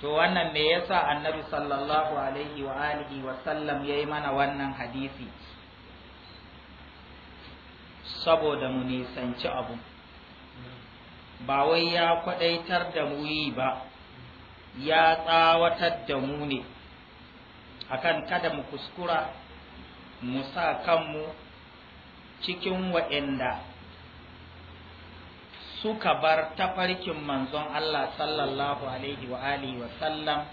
to wannan me yasa annabi sallallahu alaihi wa alihi wa sallam yayi mana wannan hadisi saboda mu nisanci abu ba wai ya kwadaitar da mu yi ba ya tsawatar da mu ne akan kada mu kuskura mu sa kanmu cikin waɗanda suka bar tafarkin manzon Allah sallallahu alaihi wa alihi wa sallam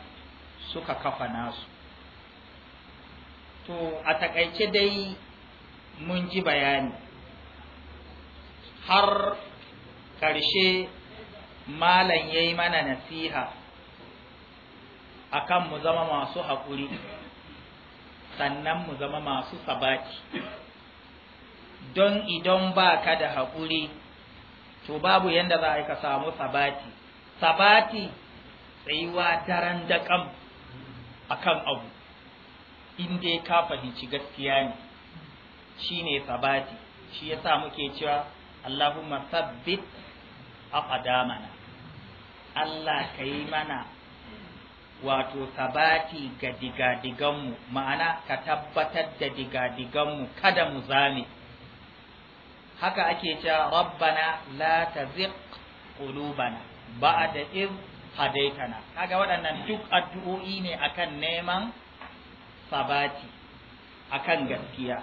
suka kafa nasu to a taƙaice dai mun ji bayani har ƙarshe malam ya yi mana nasiha akan kan mu zama masu haƙuri sannan mu zama masu sabati don idan ba ka da haƙuri to babu yanda za a yi ka samu sabati sabati tsayuwa daren daƙam a kan abu in dai ka fahimci gaskiya ne shi ne sabati shi ya sa muke cewa Allahumma sabbit a ƙadamana Allah ka yi mana wato sabati ga digadiganmu ma'ana ka tabbatar da digadiganmu kada mu zame haka ake cewa rabbana la taziq qulubana ba'da id hadaitana kaga waɗannan duk addu'o'i ne akan neman sabati akan gaskiya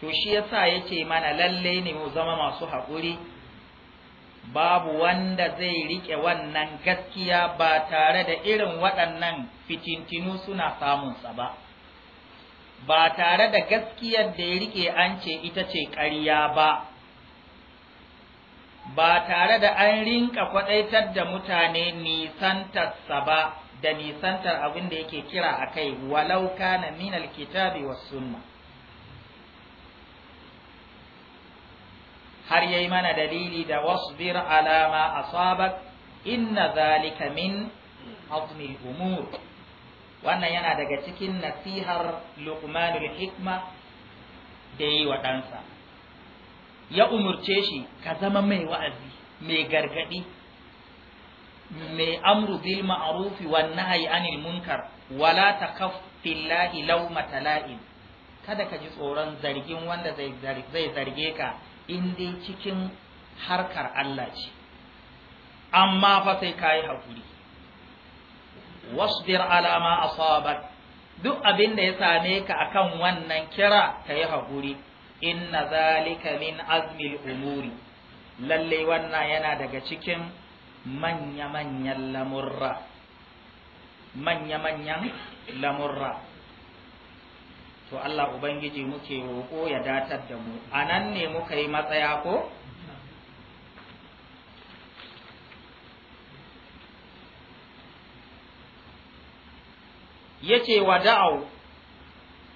to shi yasa yace mana lalle ne mu zama masu haƙuri babu wanda zai rike wannan gaskiya ba tare da irin waɗannan fitintinu suna samunsa ba ba tare da gaskiyar da ya rike an ce ita ce ƙarya ba ba tare da an rinka kwaɗaitar da mutane nisantarsa ba da nisantar abin da yake kira a kai walau kana min alkitabi was sunna har yayi mana dalili da wasbir ala ma asabak inna zalika min azmi umur wannan yana daga cikin nasihar luqmanul hikma da yi wa ɗansa ya umurce shi ka zama mai wa'azi mai gargaɗi mai amru bil ma'ruf wan nahyi anil munkar wala takaf billahi lawmata la'in kada ka ji tsoron zargin wanda zai zarge ka in dai cikin harkar Allah ce amma fa sai kai hakuri wasbir ala ma asabak duk abin da ya same ka akan wannan kira ka yi haƙuri inna zalika min azmil umuri lallai wannan yana daga cikin manya-manyan lamurra manya-manyan lamurra to Allah Ubangiji muke roƙo ya datar da mu a nan ne muka yi matsaya ko yace wada'u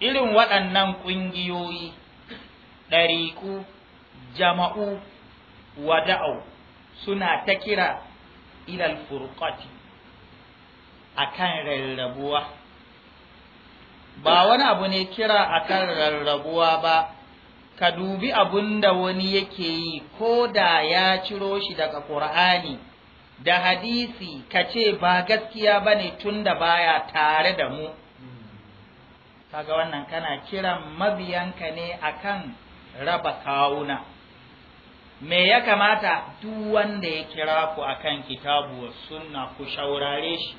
irin waɗannan ƙungiyoyi ɗariku, jama'u wa wada'u suna ta kira ilal furqati akan rarrabuwa ba wani abu ne kira akan rarrabuwa ba ka dubi abun da wani yake yi ko da ya ciro shi daga ƙur'ani da hadisi ka ce ba gaskiya ba ne tun da baya tare da mu kaga wannan kana kiran mabiyanka ne akan raba kawuna me ya kamata duk wanda ya kira ku akan kitabu wa sunna ku shaurare shi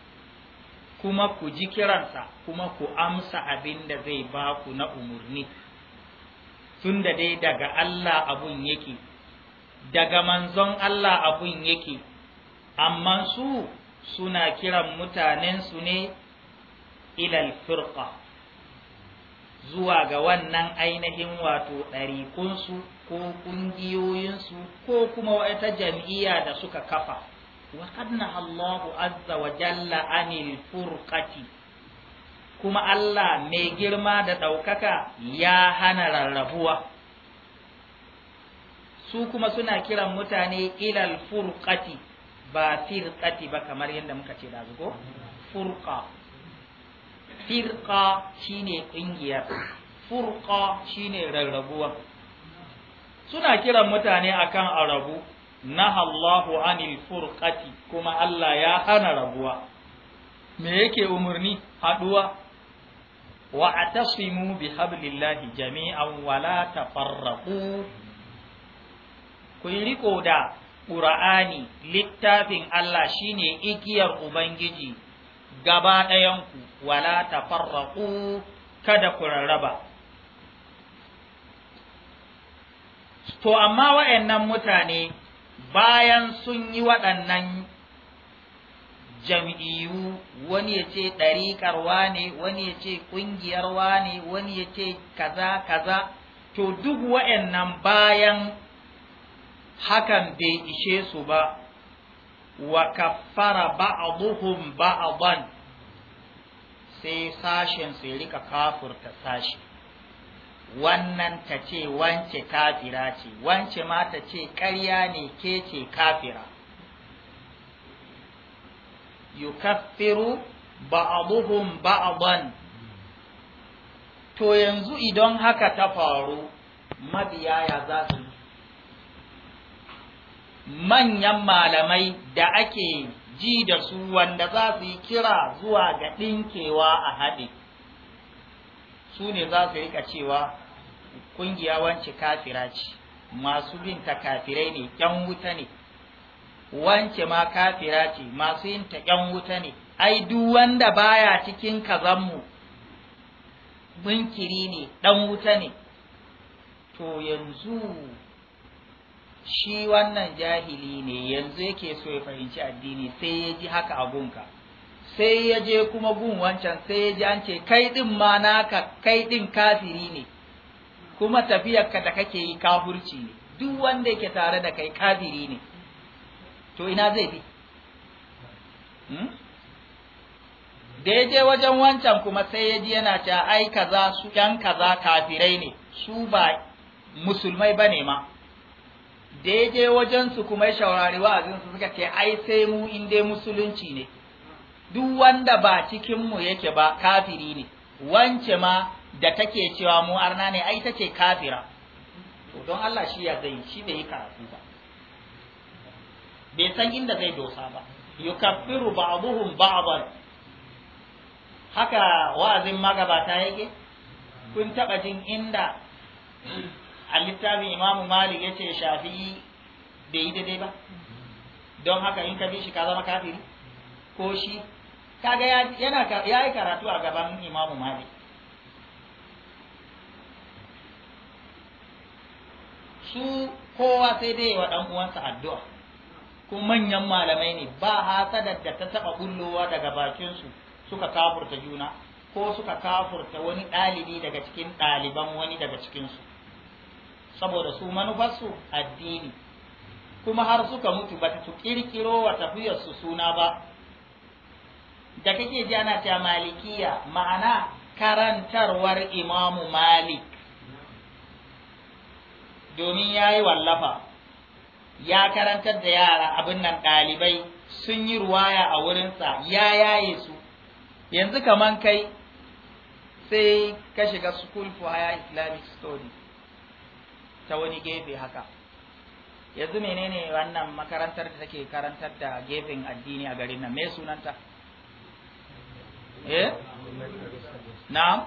kuma ku ji kiransa kuma ku amsa abin da zai ba ku na umarni tun da dai daga Allah abun yake daga manzon Allah abun yake amma su suna kiran mutanensu ne ilal firqa zuwa ga wannan ainihin wato ɗarikunsu, ko ƙungiyoyinsu ko kuma wata jam'iyya da suka kafa wa kadna Allahu azza wa jalla anil furqati kuma Allah mai girma da ɗaukaka ya hana rarrabuwa su kuma suna kiran mutane ilal furqati ba firqati ba kamar yadda muka ce da zugo furqa firqa shine kungiyar furqa shine rarrabuwa suna kiran mutane akan arabu nahallahu anil furqati kuma Allah ya hana rabuwa me yake umurni haduwa wa atasimu bi hablillahi jami'an wala tafarraqu ku riko da ƙura'ani littafin Allah shine igiyar Ubangiji gaba ɗayanku wala tafarraku kada ku rarraba. To amma wa'yannan mutane bayan sun yi waɗannan jam'iyyu wani ya ce ɗariƙarwa ne, wani ya ce ƙungiyar ne, wani ya ce kaza kaza to duk wa'yannan bayan hakan bai ishe su ba wa kaffara ba'dhum ba'dan sai sashen su rika kafurta sashi wannan ta ce wance kafira ce wance ma ta ce ƙarya ne ke ce kafira yukaffiru ba'dhum ba'dan to yanzu idan haka ta faru mabiya ya za su manyan malamai da ake ji da su wanda za su yi kira zuwa ga ɗinkewa a haɗe su ne za su rika cewa ƙungiya wance kafira ce masu binta kafirai ne ƴan wuta ne wance ma kafira ce masu yinta ƴan wuta ne ai duk wanda baya cikin kazanmu binkiri ne ɗan wuta ne to yanzu shi wannan jahili ne yanzu yake so ya fahimci addini sai ya ji haka a gunka sai ya je kuma gun wancan sai ya ji an ce kai din ma naka kai din kafiri ne kuma tafiyarka da kake yi kafurci ne duk wanda yake tare da kai kafiri ne to ina zai bi hmm? da ya je wajen wancan kuma sai ya ji yana ce ai kaza su yan kaza kafirai ne su ba musulmai ba ne ma da ya wajen wajensu kuma ya shaurari wa'azinsu suka ce ai sai mu in musulunci ne duk wanda ba cikinmu yake ba kafiri ne wance ma da take cewa mu arna ne ai ta ce kafira to don Allah shi ya zai shi bai yi karatu ba bai san inda zai dosa ba yukaffiru ba'dhum ba'dhan haka wa'azin magabata yake kun taba jin inda a littafin imamu malik ya ce shafi'i bai yi daidai ba don haka in ka bi shi ka zama kafiri ko shi kaga yana ya yi karatu a gaban imamu malik su kowa sai dai wa ɗan uwansa addu'a ko manyan malamai ne ba hasadar da ta taɓa bullowa daga bakinsu suka kafurta juna ko suka kafurta wani ɗalibi daga cikin ɗaliban wani daga cikinsu saboda su manufarsu addini kuma har suka mutu ba ta kirkiro wa su suna ba da kake ji ana cewa malikiya ma'ana karantarwar imamu malik domin ya yi wallafa ya karantar da yara abin nan ɗalibai sun yi ruwaya a wurinsa ya yaye su yanzu kamar kai sai ka shiga school for higher islamic studies ta wani gefe haka yanzu menene wannan makarantar da take karantar da gefen addini a garin nan me sunanta eh na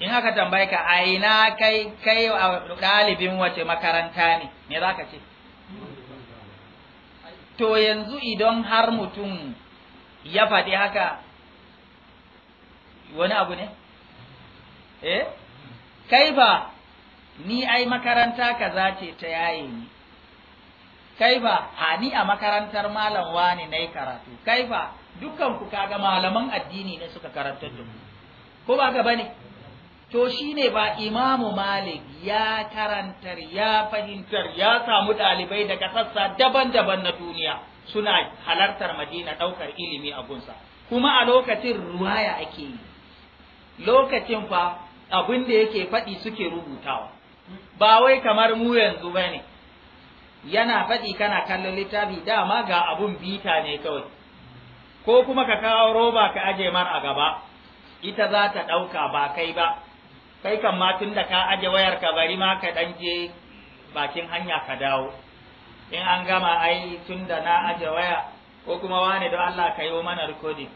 in aka tambaye ka aina ina kai kai dalibin wace makaranta ne me za ce to yanzu idan har mutum ya faɗi haka wani abu ne eh kai ba ni ai makaranta kaza ce ta yaye ni kai ba a ni a makarantar malam wani na karatu kai ba dukkan ku kaga malaman addini ne suka karantar da ku ko ba ga ne to shine ba imamu malik ya karantar ya fahimtar ya samu ɗalibai daga sassa daban-daban na duniya suna halartar madina ɗaukar ilimi a gunsa kuma a lokacin ruwaya ake yi lokacin fa abin da yake faɗi suke rubutawa ba wai kamar mu yanzu ba ne yana faɗi kana kallon littafi dama ga abun bita ne kawai ko kuma ka kawo roba ka aje mar a gaba ita za ta ɗauka ba kai ba kai kan ma tun da ka aje wayar ka bari ma ka je bakin hanya ka dawo in an gama ai tun da na aje waya ko kuma wane don Allah ka yi mana recording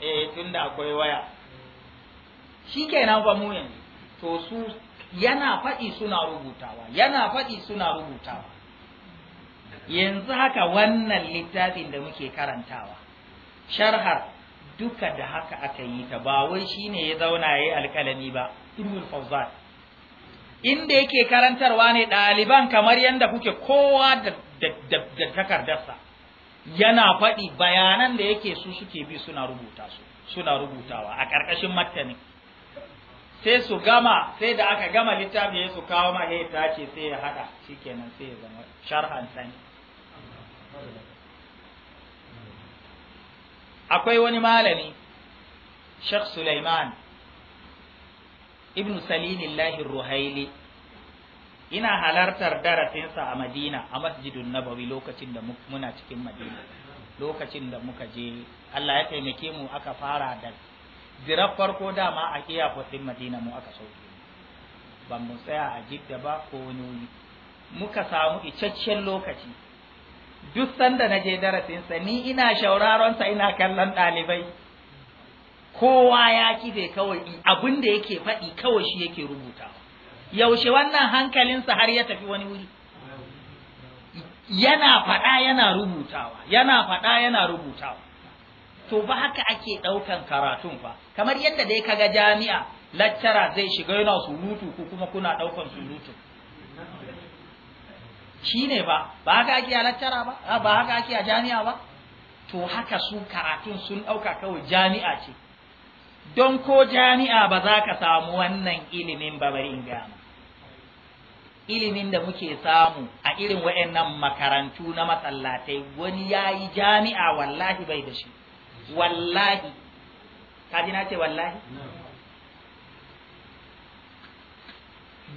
eh tun da akwai waya shi kenan fa mu yanzu to su yana faɗi suna rubutawa yana faɗi suna rubutawa yanzu haka wannan littafin da muke karantawa sharhar duka da haka aka yi ta ba wai shine ya zauna yayi alkalami ba ibnul fawzan inda yake karantarwa ne ɗaliban kamar yadda kuke kowa da takardarsa yana faɗi bayanan da yake su suke bi suna rubuta su suna rubutawa a ƙarƙashin martanin sai su gama sai da aka gama littafi ya su kawo ma ya ce sai ya hada shikenan sai ya zama sharhan sani akwai wani malami Sheikh Sulaiman Ibn Salimillahi Ruhaili ina halartar darasinsa a Madina a Masjidun Nabawi lokacin da muna cikin Madina lokacin da muka je Allah ya taimake mu aka fara da zirar farko dama a iyakokin madina mu aka sauke ban mu tsaya a jidda ba ko wani wuri muka samu icaccen lokaci duk sanda na je darasinsa ni ina shauraronsa ina kallon ɗalibai kowa ya kife kawai abin da yake faɗi kawai shi yake rubuta yaushe wannan hankalinsa har ya tafi wani wuri yana faɗa yana rubutawa yana faɗa yana rubutawa to ba haka ake ɗaukan karatun fa kamar yadda dai kaga jami'a laccara zai shiga yana surutu ko kuma kuna ɗaukan surutu shi ne ba ba haka ake a laccara ba ba haka ake a jami'a ba to haka su karatun sun ɗauka kawai jami'a ce don ko jami'a ba za ka samu wannan ilimin ba bari in gama ilimin da muke samu a irin waɗannan makarantu na masallatai wani ya yi jami'a wallahi bai da shi wallahi ka na ce wallahi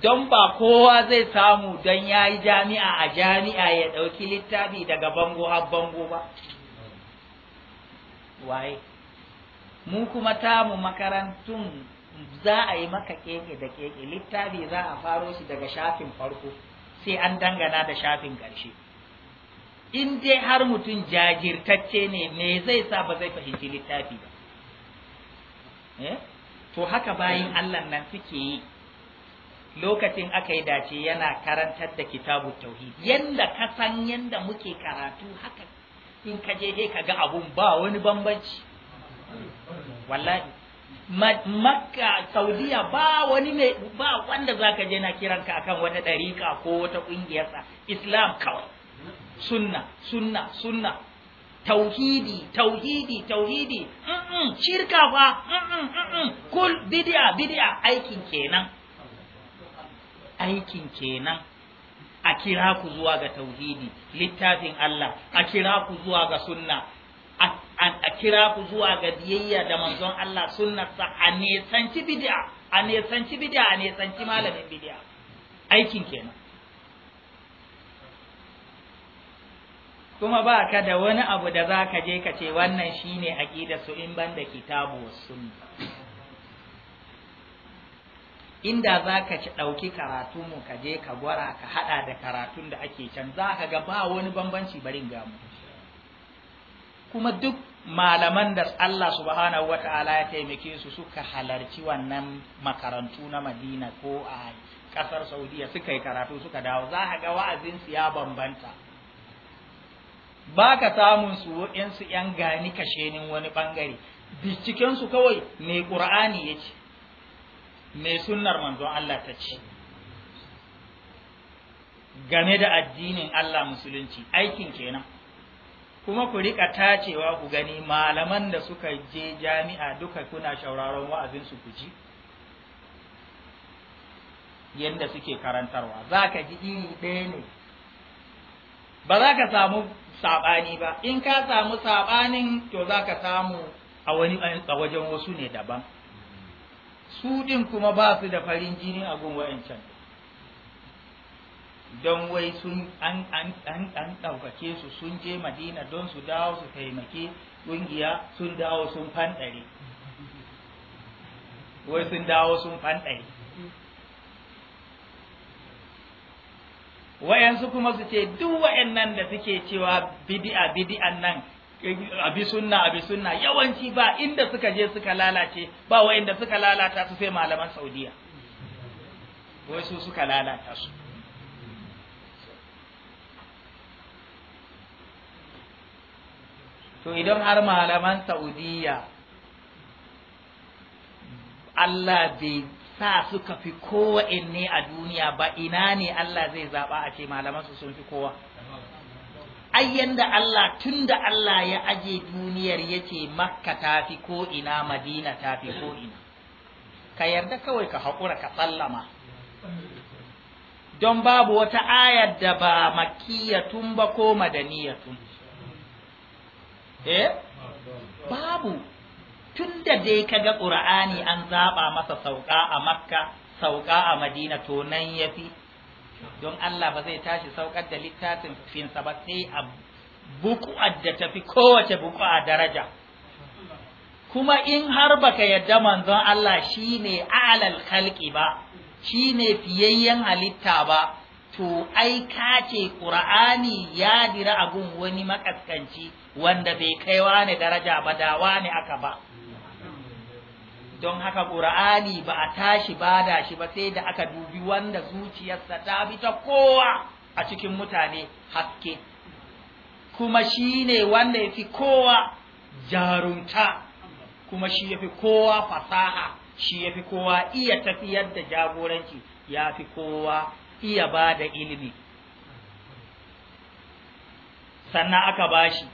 don ba kowa zai samu don ya yi jami'a a jami'a ya ɗauki littafi daga bango har bango ba waye mu kuma tamu makarantun za a yi maka keke da keke littafi za a faro shi daga shafin farko sai an dangana da shafin ƙarshe. in dai har mutum jajirtacce ne me zai sa ba zai fahimci littafi ba eh? to haka bayin Allah nan suke yi lokacin aka yi dace yana karantar da kitabu tauhid yanda ka san yanda muke karatu haka in ka je he ka ga abun ba wani bambanci wallahi makka saudiya ba wani ne ba wanda zaka je na kiranka akan wata dariƙa ko wata ƙungiyarsa islam kawai sunna sunna sunna tauhidi tauhidi tauhidi shirka fa kul bid'a bid'a aikin kenan aikin kenan a kira ku zuwa ga tauhidi littafin Allah a kira ku zuwa ga sunna a kira ku zuwa ga biyayya da manzon Allah sunnarsa a nesanci bid'a a nesanci bid'a a nesanci malamin bid'a aikin kenan kuma ba ka da wani abu da za ka je ka ce wannan shi shine aƙida su in ban da kitabu wasu. inda za ka ɗauki karatu mu ka je ka gwara ka haɗa da karatun da ake can za ka ga ba wani bambanci barin gamu kuma duk malaman da Allah subhanahu wa ta'ala ya taimake su suka halarci wannan makarantu na Madina ko a ƙasar Saudiya suka yi karatu suka dawo za ka ga wa'azinsu ya bambanta ba ka samun su waɗansu ‘yan gani kashenin wani ɓangare, bincikensu kawai mai ƙur'ani ya ce, mai sunnar manzon Allah ta ce. Game da addinin Allah musulunci, aikin kenan. Kuma ku riƙa tacewa ku gani malaman da suka je jami'a duka kuna shauraron wa'azinsu ku ji. Yanda suke karantarwa, za ka ji iri ɗaya ne. ba za ka samu saɓani ba in ka samu saɓanin to za ka samu a wani a wajen wasu ne daban su ɗin kuma ba su da farin jini a gun wa'ancan don wai sun an an an an su sun je madina don su dawo su taimake ƙungiya sun dawo sun fanɗare wai sun dawo sun fanɗare wayansu kuma su ce duk wayannan da suke cewa bid'a bid'an nan abi sunna abi sunna yawanci ba inda suka je suka lalace ba wayanda suka lalata su sai malaman Saudiya wai su suka lalata su to idan har malaman Saudiya Allah bai sa suka fi kowa ne a duniya ba ina ne Allah zai zaɓa a ce malamansu sun fi kowa ai yanda Allah tunda Allah ya aje duniyar yace makka ta fi ko ina madina ta fi ko ina ka yarda kawai ka haƙura ka sallama don babu wata ayar da ba makiyatun ba ko madaniyatun eh babu tun da dai ka ga ƙur'ani an zaɓa masa sauƙa a makka sauka a madina to nan ya fi don allah ba zai tashi saukar da littafin finsa ba sai a buku'ar da tafi kowace buku'a daraja kuma in har baka yadda manzon allah shi ne alal khalqi ba shi shine fiyayyen halitta ba to ai ka ce ƙur'ani ya dira a wani makaskanci wanda bai kaiwa ne daraja ba da ne aka ba don haka ƙur'ani ba a tashi bada shi ba sai da aka dubi wanda zuciyarsa ta bi ta kowa a cikin mutane haske kuma shi ne wanda ya fi kowa jarunta kuma shi ya fi kowa fasaha shi ya fi kowa iya tafiyar da jagoranci ya fi kowa iya ba da ilimi sannan aka bashi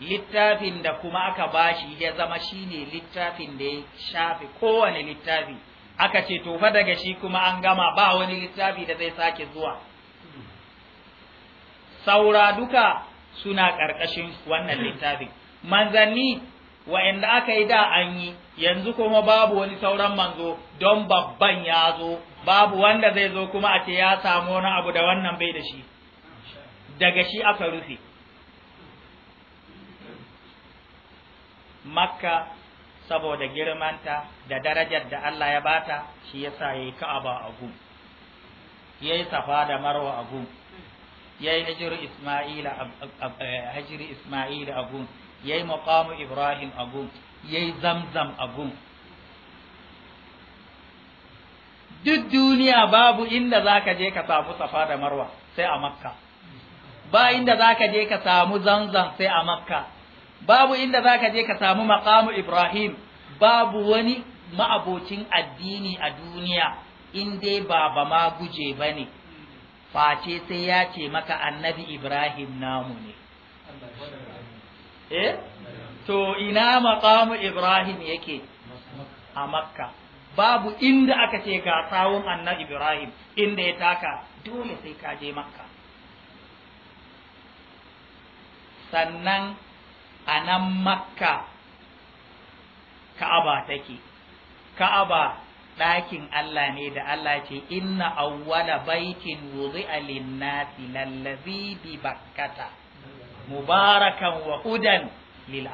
littafin da kuma aka bashi ya zama shine littafin da ya shafi kowane littafi aka ce to fa daga shi kuma an gama ba wani littafi da zai sake zuwa saura duka suna ƙarƙashin wannan littafin manzanni wa'anda aka yi da an yi yanzu kuma babu wani sauran manzo don babban ya zo babu wanda zai zo kuma a ce ya samu wani abu da wannan bai da shi daga shi aka rufe makka saboda girmanta da darajar da Allah ya bata shi yasa yayi ka'aba a gum yayi safa da marwa a gum yayi Isma'il isma'ila eh, hijri isma'ila a gum yayi maqamu ibrahim a gum yayi zamzam a gum duk duniya babu inda zaka je ka samu safa da marwa sai a makka ba inda zaka je ka samu zanzan sai a makka babu inda zaka je ka samu maqamu Ibrahim babu wani ma'abocin addini a duniya in dai ba ma guje bane face sai ya ce maka annabi Ibrahim namu ne eh to ina maqamu Ibrahim yake a Makka babu inda aka ce ga sawun annabi Ibrahim inda ya taka dole sai ka je Makka sannan a nan makka ka'aba take ka'aba ɗakin Allah ne da Allah ce inna awwala baitin wuzi'a lin-nasi lallazi bi bakkata mubarakan wa hudan lil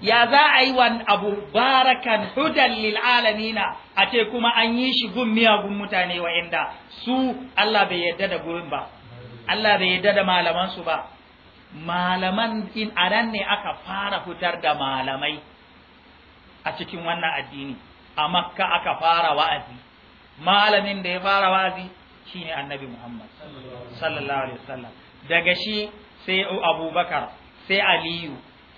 ya za a yi wani abu barakan hudan lil a ce kuma an yi shi gun miyagun mutane wa'inda su Allah bai yarda da gurin ba Allah bai yarda da malaman su ba malaman in a nan ne aka fara fitar da malamai a cikin wannan addini a makka aka fara wa'azi malamin da ya fara wa'azi shine annabi muhammad sallallahu alaihi wasallam daga shi sai abubakar sai aliyu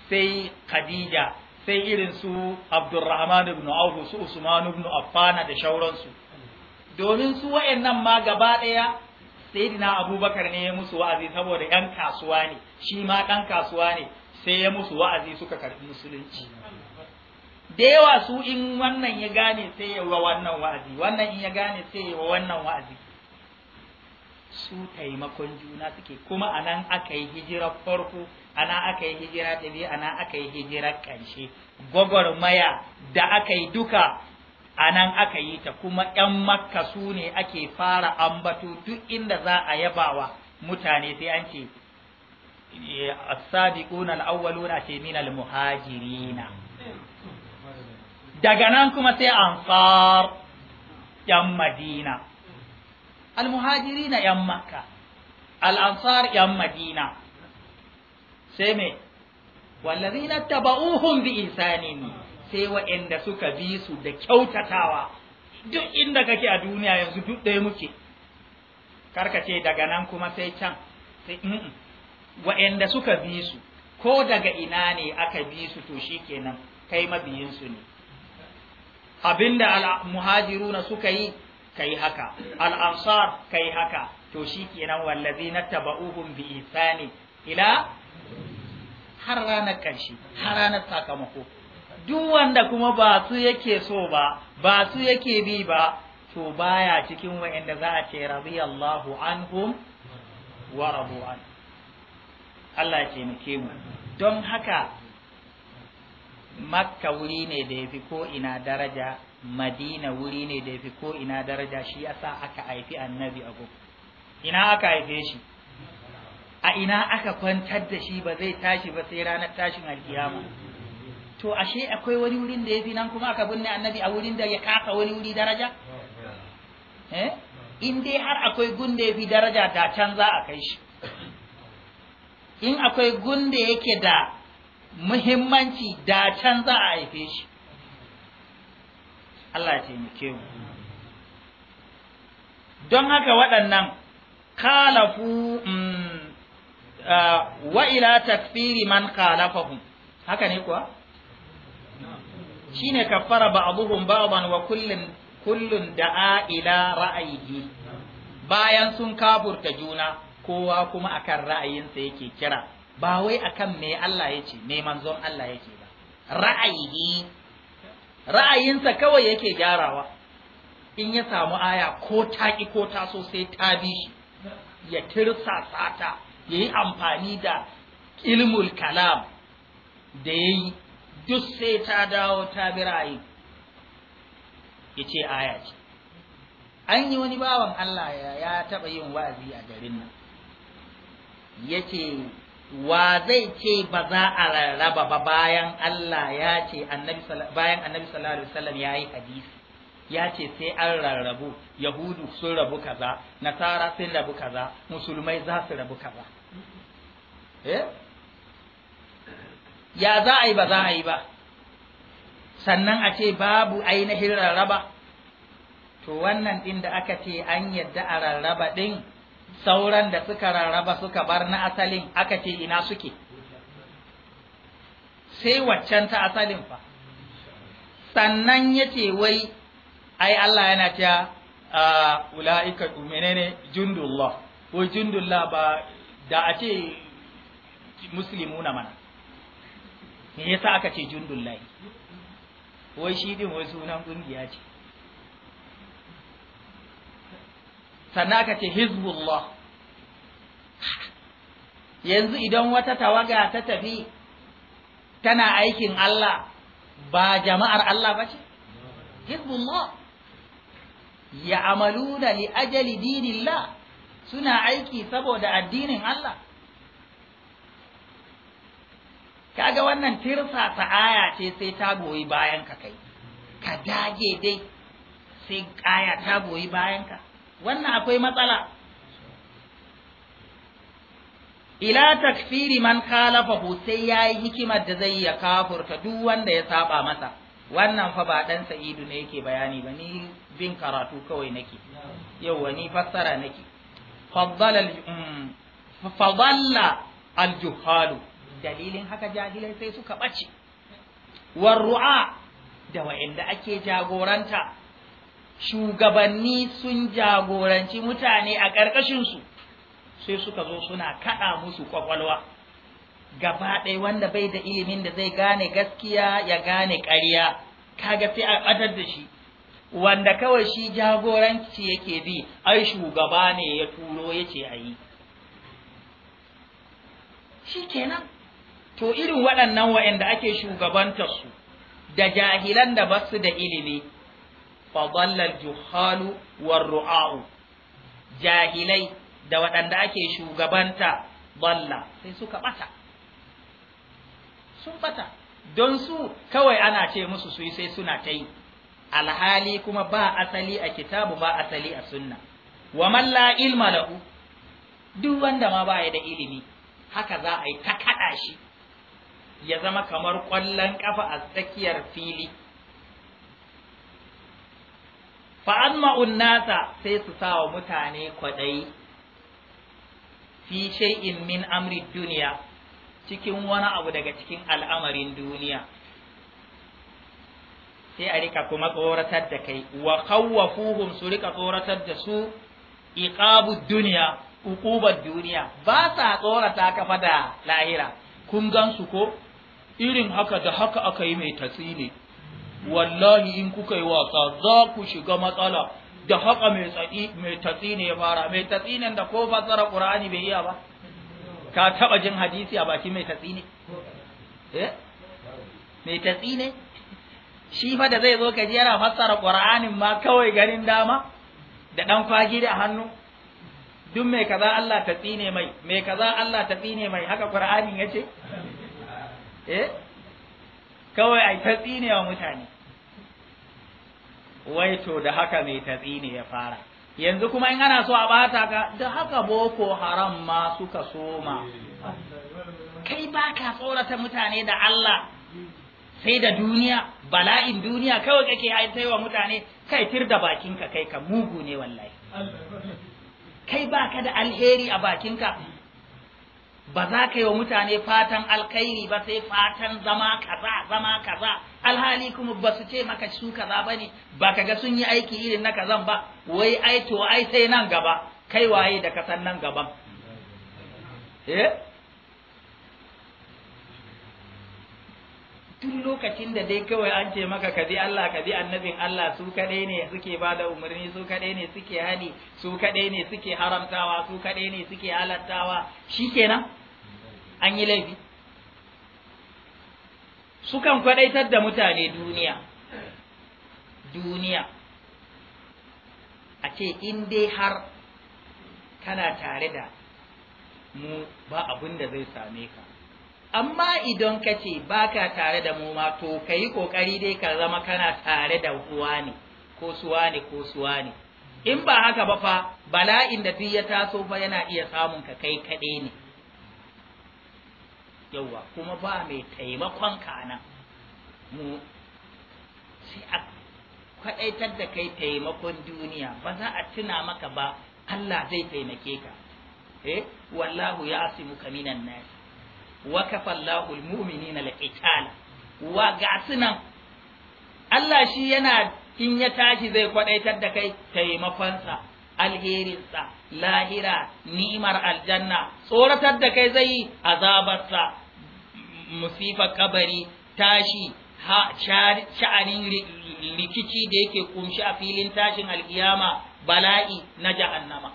sai khadija sai irin su abdurrahman ibn auf su usman ibn affana da shauransu domin su wa'annan ma gaba ɗaya sayyidina abubakar ne ya musu wa'azi saboda yan kasuwa ne shi ma ɗan kasuwa ne sai ya musu wa'azi suka karbi musulunci da yawa su in wannan ya gane sai ya wa wannan wa'azi wannan in ya gane sai ya wa wannan wa'azi su taimakon juna suke kuma anan aka yi hijirar farko ana aka yi hijira ɗabi'a, a ana aka yi hijirar ƙarshe gwagwarmaya da aka yi duka a nan aka yi ta kuma ‘yan makka su ne ake fara ambato duk inda za a yabawa mutane sai an ce as-sabiqun awwaluna ce min al-muhajirina daga nan kuma sai ansar ‘yan madina al-muhajirina ‘yan makka al-ansar ‘yan madina sai mai, me wallazina taba'uhum bi ihsanin sai wa'anda suka bi su da kyautatawa duk inda kake a duniya yanzu duk ɗaya muke karkace daga nan kuma sai can sai wa'anda suka bi su ko daga ina ne aka bi su to shikenan kai mabiyinsu ne abinda al-muhajiruna suka yi kai haka al-ansar kai haka to shikenan wallazina taba'uhum bi ihsani ila har ranar ƙarshe har ranar sakamako duk wanda kuma ba su yake so ba ba su yake bi ba to baya cikin wa'anda za a ce radiyallahu anhum wa rabu an Allah ya taimake mu don haka makka wuri ne da ya fi ko ina daraja madina wuri ne da ya fi ko ina daraja shi yasa aka haifi annabi abu ina aka haife shi a ina aka kwantar da shi ba zai tashi ba sai ranar tashin alkiyama to ashe akwai wani wurin da ya fi nan kuma aka binne annabi a wurin da ya kafa wani wuri daraja eh? in dai har akwai gunda ya fi daraja da can za a kai shi in akwai gunda yake da muhimmanci da can za a haife shi Allah ya taimake mu don haka waɗannan kalafu mm, uh, wa ila takfiri man kalafahu. haka ne kuwa shine kaffara ba'dhum ba'dan wa kullun kullun da'a ila ra'ayihi bayan sun kafurta juna kowa kuma akan ra'ayinsa yake kira ba wai akan me Allah yace me manzon Allah yake ba ra'ayihi ra'ayinsa kawai yake gyarawa in ya samu aya ko ta taƙi ko so sai ta bi shi ya tirsa sata ya yi amfani da ilmul kalam da yayi duk sai ta dawo ta bi ra'ayi ya ce aya ce an yi wani bawan Allah ya taɓa yin wa'azi a garin nan ya ce wa zai ce ba za a rarraba ba bayan Allah ya ce bayan annabi sallallahu alaihi wasallam ya yi hadisi ya ce sai an rarrabu yahudu sun rabu kaza nasara sun rabu kaza musulmai za su rabu kaza eh ya za a yi ba za a yi ba sannan a ce babu ainihin rarraba to wannan ɗin da aka ce an yadda a rarraba ɗin sauran da suka rarraba suka bar na asalin aka ce ina suke sai waccan ta asalin fa sannan ya ce wai ai Allah yana cewa ula'ika menene jundullah ko jundullah ba da a ce muslimuna mana me yasa aka ce layi wai shi din wai sunan kungiya ce sannan aka ce hizbullah yanzu idan wata tawaga ta tafi tana aikin Allah ba jama'ar Allah ba ce hizbullah ya amalu da li ajali dinillah suna aiki saboda addinin Allah kaga wannan tirsa aya ce sai ta goyi bayan ka kai ka dage dai sai aya ta goyi bayan ka wannan akwai matsala ila takfiri man hu sai yayi hikimar da zai ya kafurta duk wanda ya saba masa wannan fa ba dan sa'idu ne yake bayani ba ni bin karatu kawai nake yauwa ni fassara nake faddala mm, al-juhalu dalilin haka jahilai sai suka ɓace warru'a da wa'inda ake jagoranta shugabanni sun jagoranci mutane a ƙarƙashinsu sai suka zo suna kaɗa musu ƙwaƙwalwa gaba ɗaya wanda bai da ilimin da zai gane gaskiya ya gane ƙarya kaga sai a ɓatar da shi wanda kawai shi jagoranci yake bi ai shugaba ne ya turo ya ce a yi shi kenan to irin waɗannan waɗanda ake shugabantarsu da jahilan da ba su da ilimi fadallal juhalu war ru'a'u jahilai da waɗanda ake shugabanta balla sai suka ɓata, sun ɓata don su kawai ana ce musu su yi sai suna ta yi alhali kuma ba asali a kitabu ba asali a sunna wa man ilma duk wanda ma ba ya da ilimi haka za a yi ta kaɗa shi ya zama kamar ƙwallon ƙafa a tsakiyar fili fa'an ma'unnata sai su sa wa mutane kwaɗayi fi shay'in min amri duniya cikin wani abu daga cikin al'amarin duniya sai a rika kuma tsoratar da kai wa khawwafuhum su rika tsoratar da su iƙabu duniya uqubar duniya ba sa tsorata kafa da lahira kun gan su ko irin haka da haka aka yi mai tatsili wallahi in kuka yi wasa za ku shiga matsala da haka mai tsadi mai tatsine ya fara mai tatsinen da ko fasara qur'ani bai iya ba ka taba jin hadisi a baki mai tatsine eh mai tatsine shi fa da zai zo ka ji yana fassara qur'anin ma kawai ganin dama da dan kwagi da hannu duk mai kaza Allah ta tsine mai mai kaza Allah ta tsine mai haka qur'anin yace eh kawai ai ta tsine wa mutane wai to da haka mai ta tsine ya fara yanzu kuma in ana so a bata ka da haka boko haram ma suka soma kai ba ka tsorata mutane da Allah sai da duniya bala'in duniya kawai kake wa mutane kai tir da bakinka kai ka mugu ne wallahi kai ba ka da alheri a bakinka ba za ka yi wa mutane fatan alkhairi ba sai fatan zama kaza zama kaza alhali kuma ba su ce maka su kaza ba ne ba ka ga sun yi aiki irin na kazan ba wai ai to ai sai nan gaba kai waye da kasan nan gaban eh? tun lokacin da dai kawai an ce maka ka bi Allah ka bi annabin Allah su kaɗai ne suke ba da umarni su kaɗai ne suke hani su kaɗai ne suke haramtawa su kaɗai ne suke halattawa kenan. an yi laifi sukan kwadaitar da mutane duniya duniya a ce in dai har kana tare da mu ba abin da zai same ka amma idan ka ce ba ka tare da mu ma to ka yi ƙoƙari dai ka zama kana tare da uwa ne ko suwa ne ko suwa ne in ba haka ba fa bala'in da fi ya taso fa yana iya samun ka kai kaɗai ne yawa kuma ba mai taimakon ka nan mu sai a kwaɗaitar da kai taimakon duniya ba za a tuna maka ba Allah zai taimake ka eh wallahu ya muka minan nas wa kafallahu almu'minina alqital wa ga sunan Allah shi yana in ya tashi zai kwadaitar da kai taimakonsa, alherinsa, lahira, ni'imar aljanna, tsoratar da kai zai yi azabarsa, musifa kabari tashi ha sha'anin rikici da yake kunshi a filin tashin alkiyama bala'i na jahannama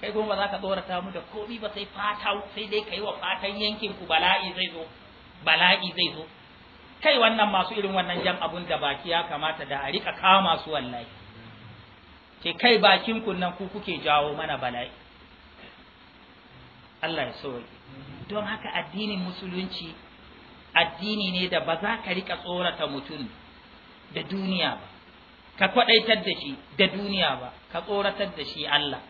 kai kuma ba za ka tsorata mu da komi ba sai fata sai dai kai wa fatan yankin ku bala'i zai zo bala'i zai zo kai wannan masu irin wannan jan abun da baki ya kamata da a rika kama su wallahi ke kai bakin kunnan ku kuke jawo mana bala'i Allah ya sauke don haka addinin musulunci addini ne da ba za ka rika tsorata mutum da duniya ba ka kwadaitar da shi da duniya ba ka tsoratar da shi Allah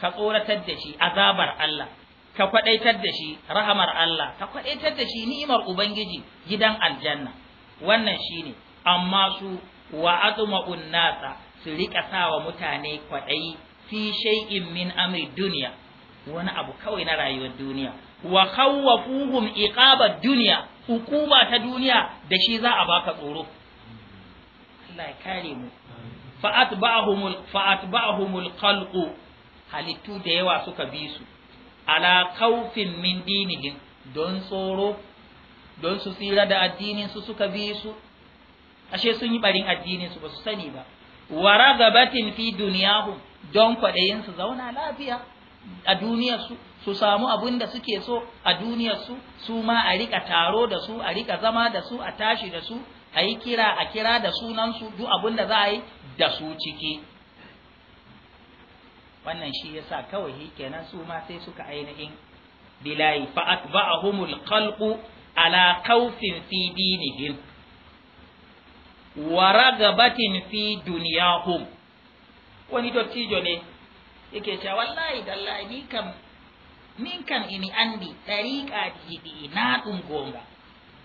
ka tsoratar da shi azabar Allah ka kwadaitar da shi rahamar Allah ka kwadaitar da shi ni'imar ubangiji gidan aljanna wannan shine amma su wa azuma unnasa su rika sawa mutane kwaɗayi fi shay'in min amri dunya wani abu kawai na rayuwar duniya wa khawwafuhum iqabat duniya, hukuma ta duniya da shi za a baka tsoro Allah ya kare mu fa atba'ahumul khalqu halittu da yawa suka bi su ala khawfin min dinihim don tsoro don su tsira da addinin su suka bi su ashe sun yi barin addinin su ba su sani ba wa ragabatin fi duniyahum don kwaɗayin su zauna lafiya a duniyarsu su samu abin da suke so a duniyarsu su ma a rika taro da su a rika zama da su a tashi da su a yi kira a kira da sunansu duk abin da za a yi da su ciki wannan shi yasa kawai kenan su ma sai suka ainihin bilayi fa atba'ahumul khalqu ala khawfin fi dinihim wa ragabatin fi duniyahum wani dottijo ne yake cewa wallahi dallahi ni kam min kam ini andi ɗariƙa ɗiɗi na ɗum gonga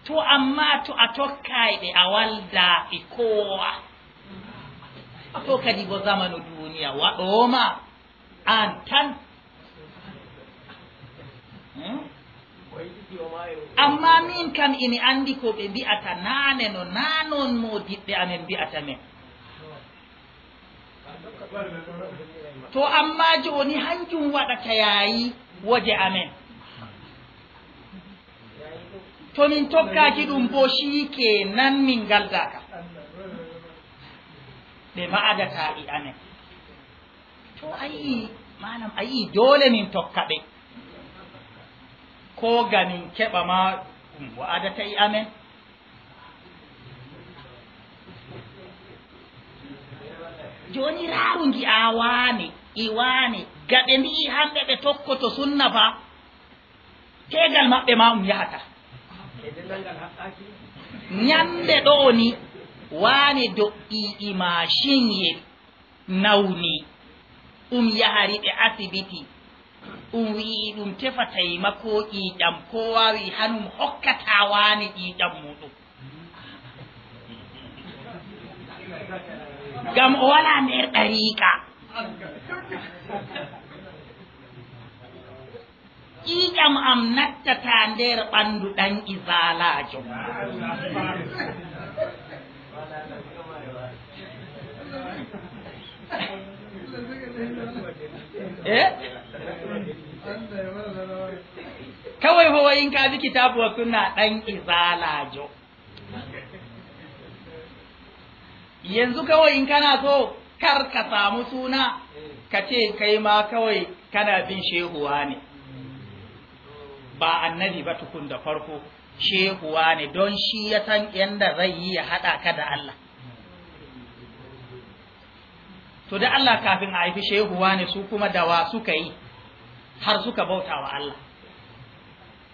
to amma to a tokkayɓe a walda e kowa to kadi bo zamanu duniya waɗoma an tan hmm? amma min kam ini andi ko ɓe mbi'ata nane no nanon modiɓɓe amen mbi'ata men to amma joni hanjum ka yayi waje amen to min tokka ki ɗum bo shi ke nan min galdaka ɓe ma'adata i amen to ayi manam ayi dole min tokka be. ko ga min keɓa ma ta i amen joni rarungi gi'awame iwane gaɓe mbi'i hamɓe ɓe tokkoto sunna fa tegal maɓɓe ma um yahata ñande ɗo ni wani do'i'i mashinyel nawni um yahari ɓe asibiti um wi'i ɗum tefa taimako ƴiƴam ko wawi hanum hokkata wani ƴiƴam muɗum gam o wala nder Iƴam am nattata nder ɓandu ɗan izalajo. Eh? Kawai fa in ka bi kitabu wa suna ɗan izalajo. Yanzu kawai in kana so kar ka samu suna ka ce kai ma kawai kana bin shehuwa ne ba annabi ba tukun da farko shehuwa ne don shi ya san yadda zai yi ya haɗa ka da Allah to da Allah kafin a haifi shehuwa ne su kuma dawa suka yi har suka bauta wa Allah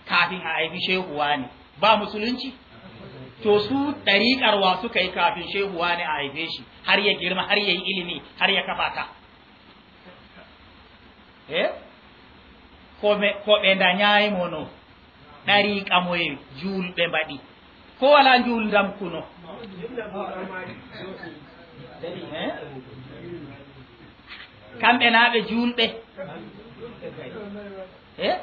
kafin a haifi shehuwa ne ba musulunci to su ɗariƙar wa suka yi kafin shehu wani a haife shi har ya girma har ya yi ilimi har ya kafa ta eh ko ɓe da ñaayi mono ɗariƙa moye julɓe mbaɗi ko wala jul dam kuno eh? kamɓe na ɓe julɓe eh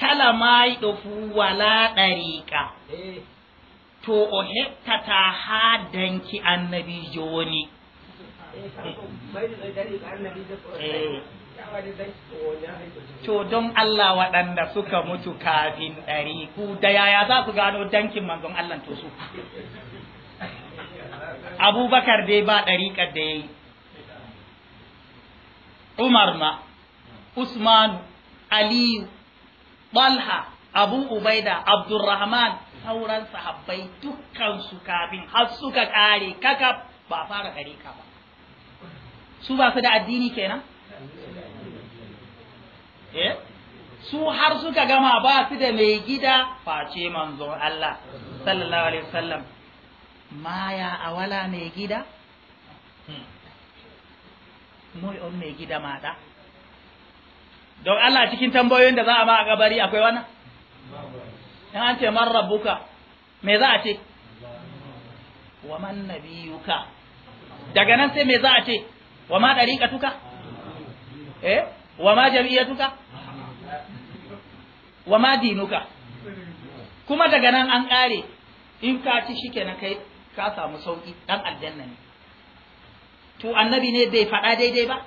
kalama fu wala ɗariƙa eh. to o ta ha danki annabi joni eh. to don Allah waɗanda suka mutu kafin ɗari ku da yaya za ku gano dankin manzon Allah to su abubakar dai ba ɗariƙar da ya yi umar ma usman aliyu Balha, Abu Ubaida, Abdurrahman, sauran sahabbai su kafin har suka kare kaka ba fara kare ka ba. Su ba su da addini kenan? Eh? Su har suka gama ba su da mai gida face manzon Allah, sallallahu Alaihi wasallam. Maya a wala mai gida? Mai hmm. on mai gida da? don Allah cikin tambayoyin da za a ma a gabari akwai wannan in an ce man rabbuka me za a ce wa man nabiyuka daga nan sai me za a ce wa ma tuka? eh wa ma tuka? wa ma dinuka kuma daga nan an ƙare in ka ci ke kai ka samu sauƙi dan aljanna ne to annabi ne bai faɗa daidai ba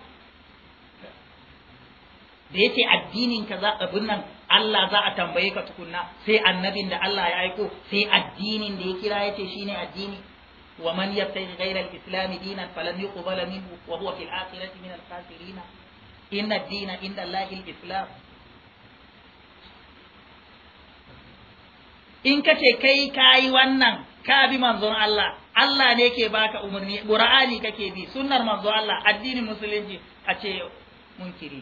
da yace addinin ka za abin nan Allah za a tambaye ka tukunna sai annabin da Allah ya aiko sai addinin da ya kira yace shine addini wa man yabtaghi ghayra al-islam dinan falan yuqbala minhu wa huwa fil akhirati min al-khasirin inna ad inda Allah al-islam in ka ce kai kayi wannan ka bi manzon Allah Allah ne ke baka umarni Qur'ani kake bi sunnar manzon Allah addinin musulunci a ce mun munkiri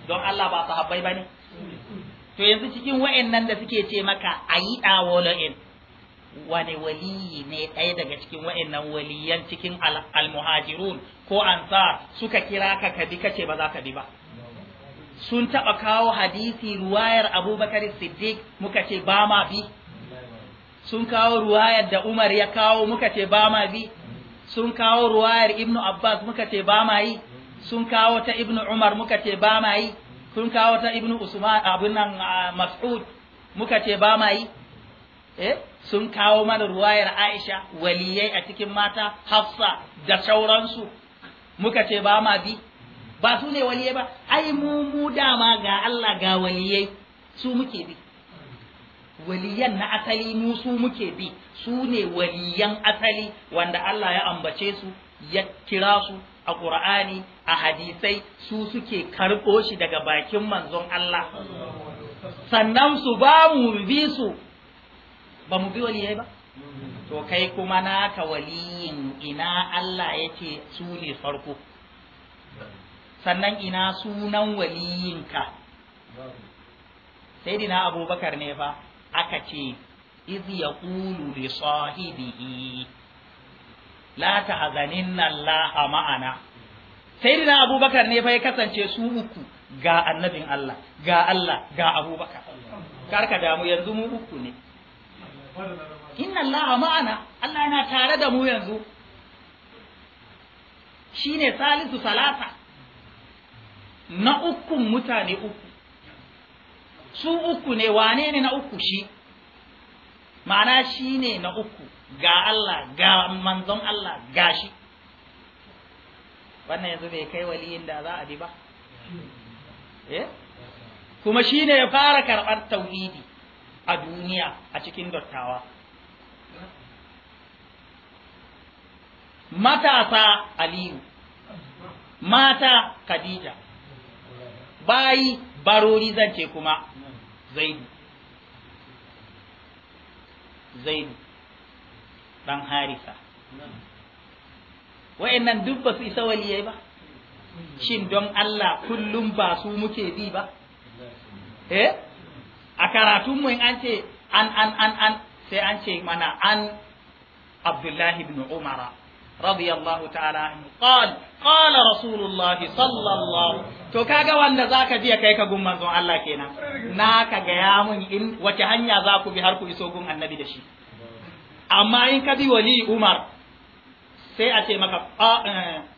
don Allah ba ba ne to yanzu cikin wa'in nan da suke ce maka ayi dawolo in wani waliyi ne ɗaya daga cikin wa'in nan waliyan cikin almuhajirun ko ansa suka kira ka ka bi kace ba za ka bi ba sun taɓa kawo hadisi ruwayar abubakar siddiq muka ce ba ma bi sun kawo ruwayar da Umar ya kawo muka ce ba ma bi, sun kawo ruwayar Ibnu Abbas muka ce ba ma yi, sun kawo ta Ibnu Umar muka ce ba ma yi, sun kawo ta ibnu usman abin nan mas'ud muka ce ba ma yi eh sun kawo mana ruwayar aisha waliyai a cikin mata hafsa da sauransu muka ce ba ma bi ba su ne waliyai ba ai mu mu dama ga Allah ga waliyai su muke bi waliyan na asali mu su muke bi su ne waliyan asali wanda Allah ya ambace su ya kira su a ƙur'ani a hadisai su suke karɓo shi daga bakin manzon Allah sannan su ba mu bi su ba mu bi waliyai ba to kai kuma naka waliyin ina Allah ya su ne farko sannan ina sunan waliyinka sai dina abubakar ne fa aka ce iz yaqulu li sahibihi la ta'azaninna Allah ma'ana sayyidina abubakar ne fa ya kasance su uku ga annabin Allah ga Allah ga abubakar karka damu yanzu mu uku ne inna Allah ma'ana Allah yana tare da mu yanzu shi ne salisu salasa na uku mutane uku su uku ne wane ne na uku shi ma'ana shi ne na uku ga Allah ga manzon Allah shi. wannan yanzu bai kai waliyin da za a bi ba eh kuma shine ya fara karɓar tauhidi a duniya a cikin dottawa matasa aliyu mata khadija bayi barori zance kuma zaidu zaidu ɗan harisa wa'annan duk ba su isa waliyai ba shin don Allah kullum ba su muke bi ba eh a karatunmu in an ce an an an an sai an ce mana an Abdullahi ibn Umar. radiyallahu ta'ala تعالى عنه qala rasulullah sallallahu to kaga wanda zaka je kai ka gumman manzon Allah kenan na ka ga ya mun in wace hanya za ku bi har ku iso gun annabi da shi amma in ka bi wali umar sai a ce maka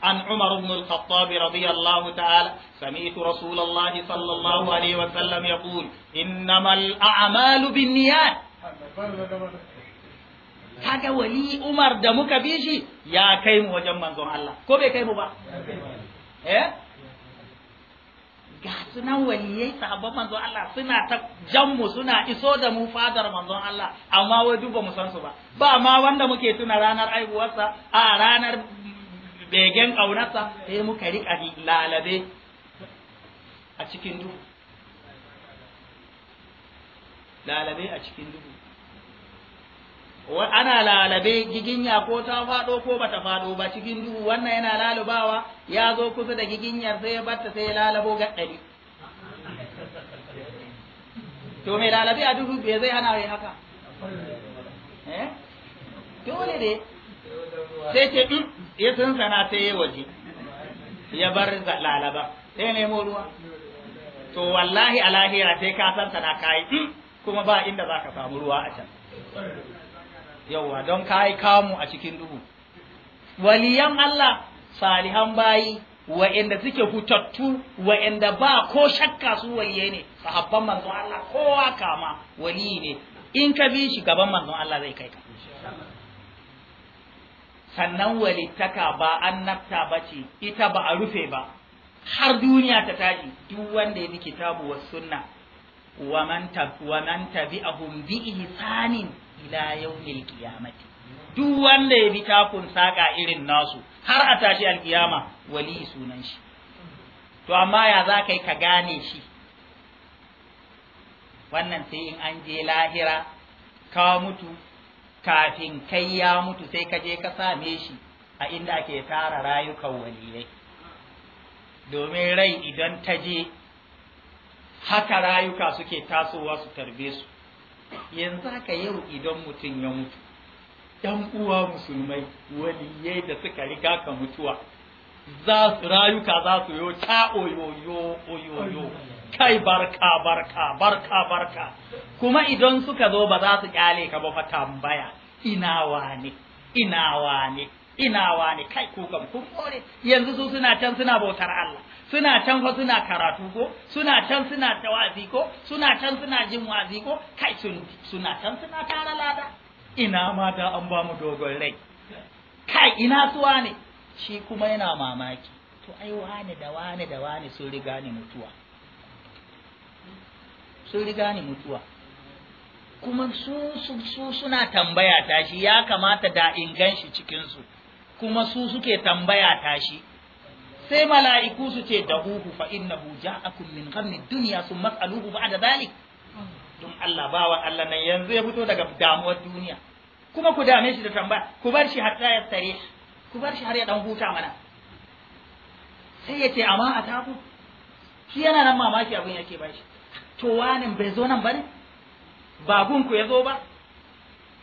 an umar ibn al-khattab radiyallahu ta'ala sami'tu rasulullahi sallallahu alaihi wa sallam yaqul innamal a'malu binniyat kaga wali umar da muka bi shi ya kai mu wajen manzon Allah ko bai kai mu ba eh ga sunan waliyai sahabban manzon Allah suna ta jan mu suna iso da mu fadar manzon Allah amma wai duk ba mu san su ba ba ma wanda muke tuna ranar aihuwarsa a ranar begen kaunarsa sai muka riƙa lalabe a cikin duhu lalabe a cikin duhu ana lalabe giginya ko ta faɗo ko bata faɗo ba cikin duhu wannan yana lalubawa ya zo kusa da giginyar sai ya batta sai ya lalabo gaɗari to mai lalabe a duhu bai zai hana wai haka eh dole ne sai ce in mm, ya sun sana sai ya waje ya bar lalaba sai nemo ruwa to wallahi a lahira sai ka san sana kai mm, kuma ba inda za ka samu ruwa a can yauwa don ka yi kamu a cikin duhu waliyan Allah salihan bayi wa'inda suke hutattu wa'inda ba ko shakka su waliyai ne sahabban manzo Allah kowa kama waliyi ne in ka bi shi gaban manzon Allah zai kai ka sannan walittaka ba annabta ba ce ita ba a rufe ba har duniya ta taji duk wanda ya bi kitabu wa sunna wa man tabi'ahum bi ihsanin ila yawmil qiyamati duk wanda ya bi takun saka irin nasu har a tashi alkiyama wali sunan shi to amma ya za ka yi ka gane shi wannan sai in an je lahira ka mutu kafin kai ya mutu sai ka je ka same shi a inda ake tara rayukan waliyai domin rai idan ta je haka rayuka suke tasowa su tarbe su yanzu haka yau idan mutum ya mutu ‘yan uwa musulmai wani waliyai da suka riga ka mutuwa za su rayuka za su yo ta oyoyo oyoyo kai barka barka barka barka kuma idan suka zo ba za su kyale ka ba fa tambaya ina wane ina wane ina wani kai ku kam kun kore yanzu su suna can suna bautar Allah suna can fa suna karatu ko suna can suna tawazi ko suna can suna jin wazi ko kai sun suna can suna tara lada ina ma da an ba mu dogon rai kai ina suwa ne shi kuma yana mamaki to ai wani da wani da wani sun riga ni mutuwa sun riga ni mutuwa kuma su su suna tambaya ta shi ya kamata da in gan shi cikinsu kuma su suke tambaya tashi sai mala'iku su ce da dahuhu fa innahu ja'akum min ghammi dunya sun mas'aluhu ba'da zalik don Allah wa Allah nan yanzu ya fito daga damuwar duniya kuma ku dame shi da tambaya ku bar shi har ya tsare ku bar shi har ya dan huta mana sai ya ce amma a tabu shi yana nan mamaki abin yake ba shi to wani bai zo nan ba ne ba gunku ya zo ba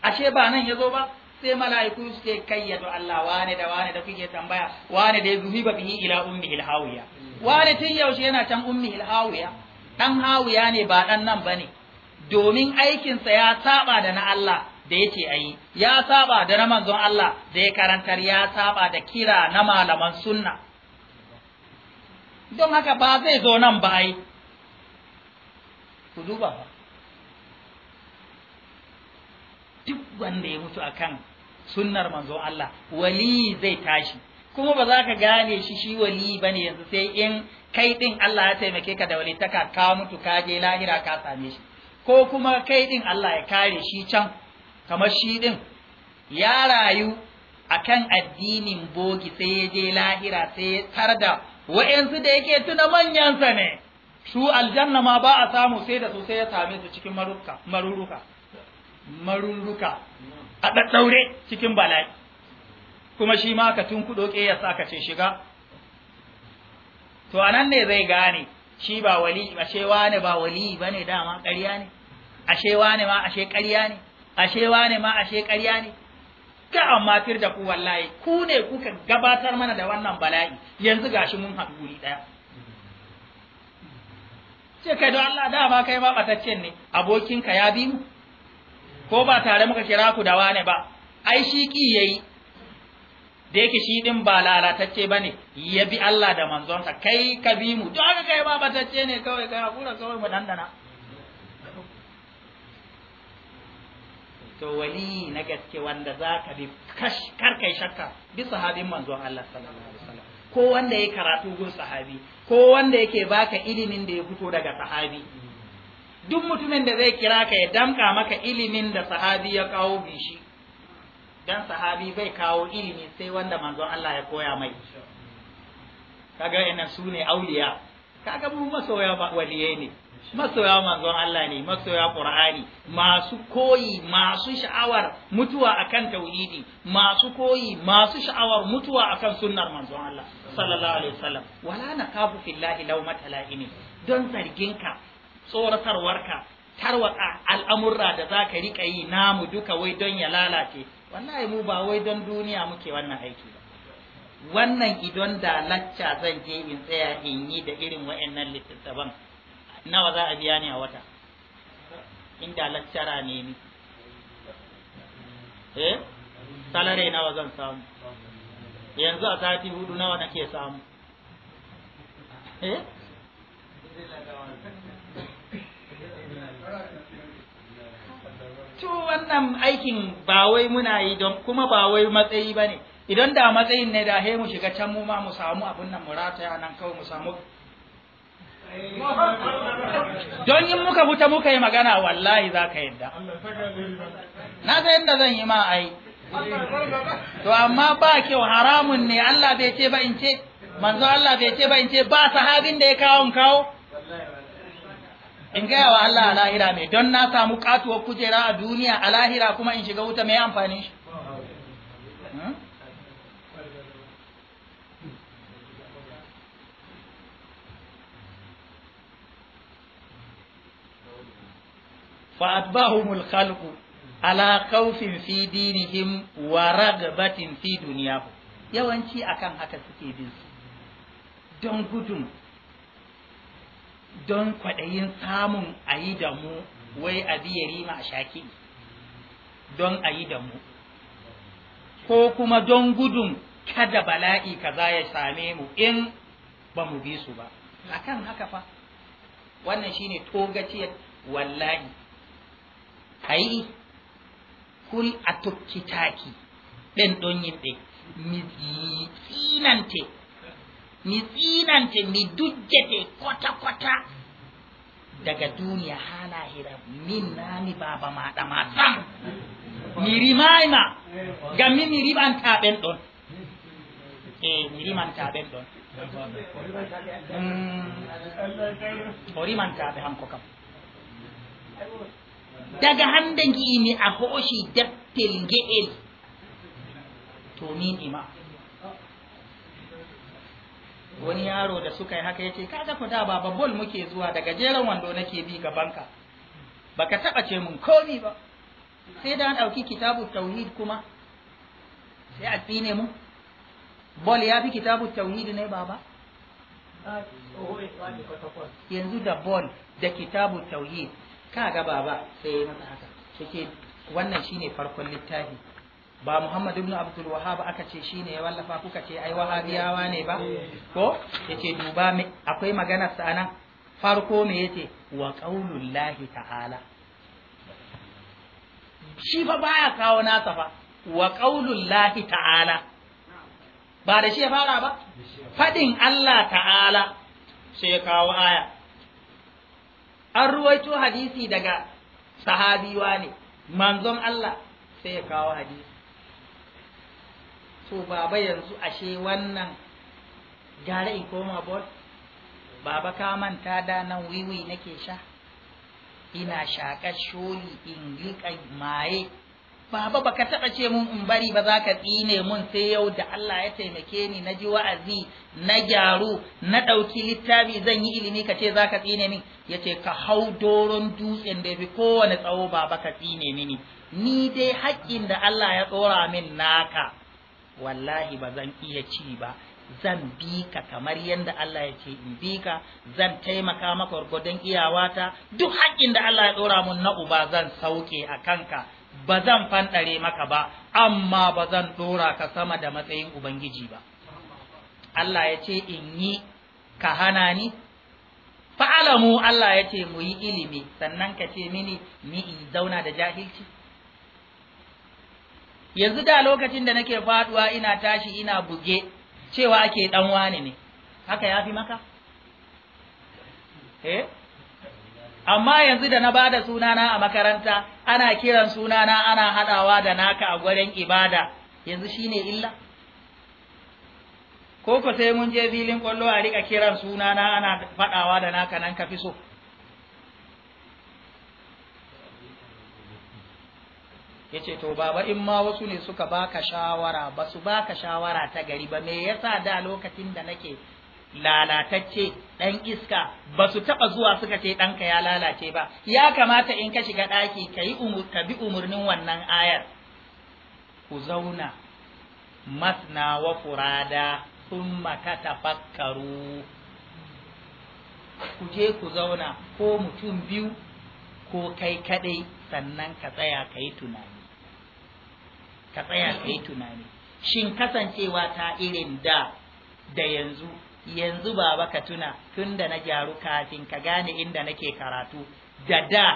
ashe ba nan ya zo ba sai mala'iku suke kayyado Allah wane da wane da kuke tambaya wane da ba bihi ila ummi ilhawiya wane tun yaushe yana can ummi ilhawiya dan hawiya ne ba dan nan bane domin aikinsa ya saba da na Allah da yake ayi ya saba da na manzon Allah da ya karantar ya saba da kira na malaman sunna don haka ba zai zo nan ba ai ku duba duk wanda ya mutu akan sunnar manzo Allah wali zai tashi kuma ba za ka gane shi shi wali bane yanzu sai in kai din Allah ya taimake ka da walitaka ka mutu ka je lahira ka same shi ko kuma kai din Allah ya kare shi can kamar shi din ya rayu akan addinin bogi sai ya je lahira sai tar da wa'yansu da yake tuna manyansa ne su aljanna ma ba a samu sai da su sai ya same su cikin maruruka maruruka a ɗaɗɗaure cikin bala'i kuma shi ma ka tun kuɗo ƙeyarsa ka ce shiga to anan ne zai gane shi ba wali ashe wane ba wali ba ne dama ƙarya ne ashe wane ma ashe ƙarya ne ashe wane ma ashe ƙarya ne ka amma fir da ku wallahi ku ne kuka gabatar mana da wannan bala'i yanzu gashi mun haɗu guri ɗaya ce kai don Allah dama kai ma ɓatacce ne abokinka ya bi mu ko ba tare muka kira ku da wane ba ai shi ki yayi da yake shi din ba lalatacce bane ya bi Allah da manzonsa kai ka bi mu duk haka kai ba batacce ne kawai kai hakura kawai mu dandana to wali na gaske wanda za ka bi kar kai shakka bi sahabin manzon Allah sallallahu alaihi wasallam ko wanda ya karatu gun sahabi ko wanda yake baka ilimin da ya fito daga sahabi duk mutumin da zai kira ka ya damka maka ilimin da sahabi ya kawo bishi dan sahabi bai kawo ilimi sai wanda manzon Allah ya koya mai kaga ina su ne auliya kaga mu masoya waliye ne masoya manzon Allah ne masoya Qur'ani masu koyi masu sha'awar mutuwa akan tauhidi masu koyi masu sha'awar mutuwa akan sunnar manzon Allah sallallahu alaihi wasallam wala naqabu fillahi lawmata la'ini don zarginka tsoratarwarka tarwatsa al'amurra da za ka riƙa yi namu duka wai don ya lalace wallahi mu ba wai don duniya muke wannan aiki ba wannan idon da lacca zan je in tsaya in yi da irin wa'annan littattafan nawa za a biya ni a wata inda laccara ne ni eh salare nawa zan samu yanzu a sati hudu nawa nake samu eh to wannan aikin ba wai muna yi don kuma ba wai matsayi ba ne idan da matsayin ne da he mu shiga can mu ma mu samu abin nan mu rataya nan kawai mu samu don in muka fita muka yi magana wallahi za ka yadda na ga yadda zan yi ma ai to amma ba kyau haramun ne Allah bai ce ba in ce manzo Allah bai ce ba in ce ba sahabin da ya kawo kawo in gaya wa Allah a lahira ne don na samu katuwar kujera a duniya a lahira kuma in shiga wuta mai amfani shi فأتبعهم الخلق على خوف في دينهم ورغبة في دنياهم yawanci akan haka suke bin su don gudun don kwaɗayin samun a yi da mu wai a biya rima a shaki don a yi da mu ko kuma don gudun kada bala'i za ya same mu in ba mu bi su ba A kan haka fa wannan shine togaciyar wallahi Ayi, kul a tukkitaki ɗin ɗin yi ɗin tsinante mi tsinante mi dujjete kwata-kwata daga duniya hana hira min nani baba ma da matan mi rimaima gammi mi ribanta ɓen ɗon e eh, mi rimanta hmm. ɓen ɗon o rimantaɓe hanko kam daga hande gi'imi a hooshi deftel nge'el to min ima wani yaro da suka yi haka yace kaga fa da baba bol muke zuwa daga jeran wando nake bi gaban ka baka taba ce mun komi ba sai da an dauki kitabu tauhid kuma sai a tsine mu bol ya fi kitabu tauhid ne baba yanzu da bol da kitabu tauhid kaga baba sai ya masa haka ke wannan shine farkon littafi ba Muhammad ibn Abdul Wahhab aka ce shine ya wallafa kuka ce ai Wahhabiyawa ne ba ko yace duba me akwai maganar sa anan farko me yace wa qaulullahi ta'ala shi fa baya kawo nasa fa wa qaulullahi ta'ala ba da shi ya fara ba fadin Allah ta'ala sai ya kawo aya an ruwaito hadisi daga sahabiwa ne manzon Allah sai ya kawo hadisi so baba yanzu ashe wannan gara in koma bol baba ka manta da nan wiwi nake sha ina shakar sholi in riƙa maye baba baka taɓa ce mun in bari ba za ka tsine mun sai yau da Allah ya taimake ni na ji wa'azi na gyaru na ɗauki littafi zan yi ilimi ka ce za ka tsine min ya ce ka hau doron dutsen da bi kowane tsawo baba ka tsine mini ni dai haƙƙin da Allah ya tsora min naka wallahi ba zan iya ci ba zan bi ka kamar yadda Allah ya ce in bi ka zan taimaka maka gwargwadon iyawata duk haƙƙin da Allah ya ɗora mun na uba zan sauke a kanka ba zan fanɗare maka ba amma ba zan ɗora ka sama da matsayin ubangiji ba Allah ya ce in yi ka hana ni fa'alamu Allah ya ce mu yi ilimi sannan ka ce mini ni in zauna da jahilci yanzu da lokacin da nake faduwa ina tashi ina buge cewa ake dan wani ne haka ya fi maka eh amma yanzu da na bada sunana a makaranta ana kiran sunana ana hadawa da naka a gurin ibada yanzu shine illa ko ko sai mun je filin kwallo a rika kiran sunana ana fadawa da naka nan ka fi so yace to baba in ma wasu ne suka baka shawara ba su baka shawara ta gari ba me yasa da lokacin da nake lalatacce dan iska ba su taba zuwa suka ce ɗanka ya lalace ba ya kamata in ka shiga daki ka yi ka bi umurnin wannan ayar ku zauna masna wa furada thumma katafakkaru ku je ku zauna ko mutum biyu ko kai kadai sannan ka tsaya ka yi tunani ka tsaya ka tunani shin kasancewa ta irin da da yanzu yanzu ba ka tuna tun da na gyaru kafin ka gane inda nake karatu da da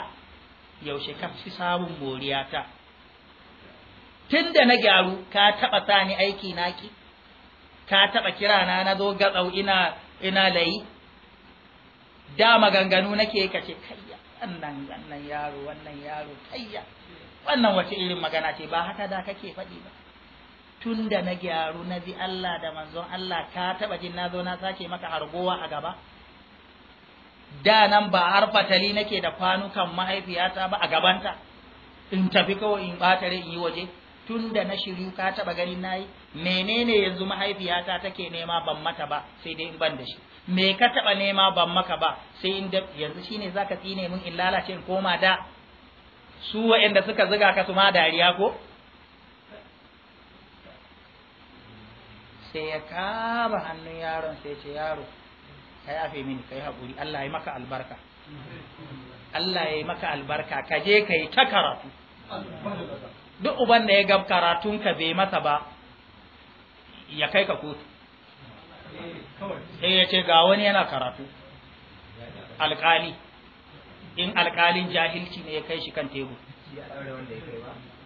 yaushe ka fi samun moriyata tun da na gyaru ka taɓa sani aiki naki ka taɓa kira na na zo gatsau ina ina layi da maganganu nake kace kayya wannan wannan yaro wannan yaro kayya wannan wace irin magana ce ba haka da kake faɗi ba tun na gyaru na ji Allah da manzon Allah ka taɓa jin na zo na sake maka hargowa a gaba da nan ba har fatali nake da kwanukan mahaifiyata ba a gabanta in tafi kawai in ɓatare in yi waje tunda na shiru ka taɓa ganin na yi menene yanzu mahaifiyata take nema ban mata ba sai dai in ban da shi me ka taɓa nema ban maka ba sai in da yanzu shine zaka tsine mun in lalace in koma da su waɗanda suka ziga ka su ma dariya ko sai ya kama hannun yaron sai ce yaro ka afe mini ka yi haƙuri Allah ya maka albarka Allah ya yi maka albarka ka je ka yi ta karatu duk uban da ya gab karatun ka bai masa ba ya kai ka kotu sai ya ce ga wani yana karatu alƙali in alkalin jahilci ne ya kai shi kan tebur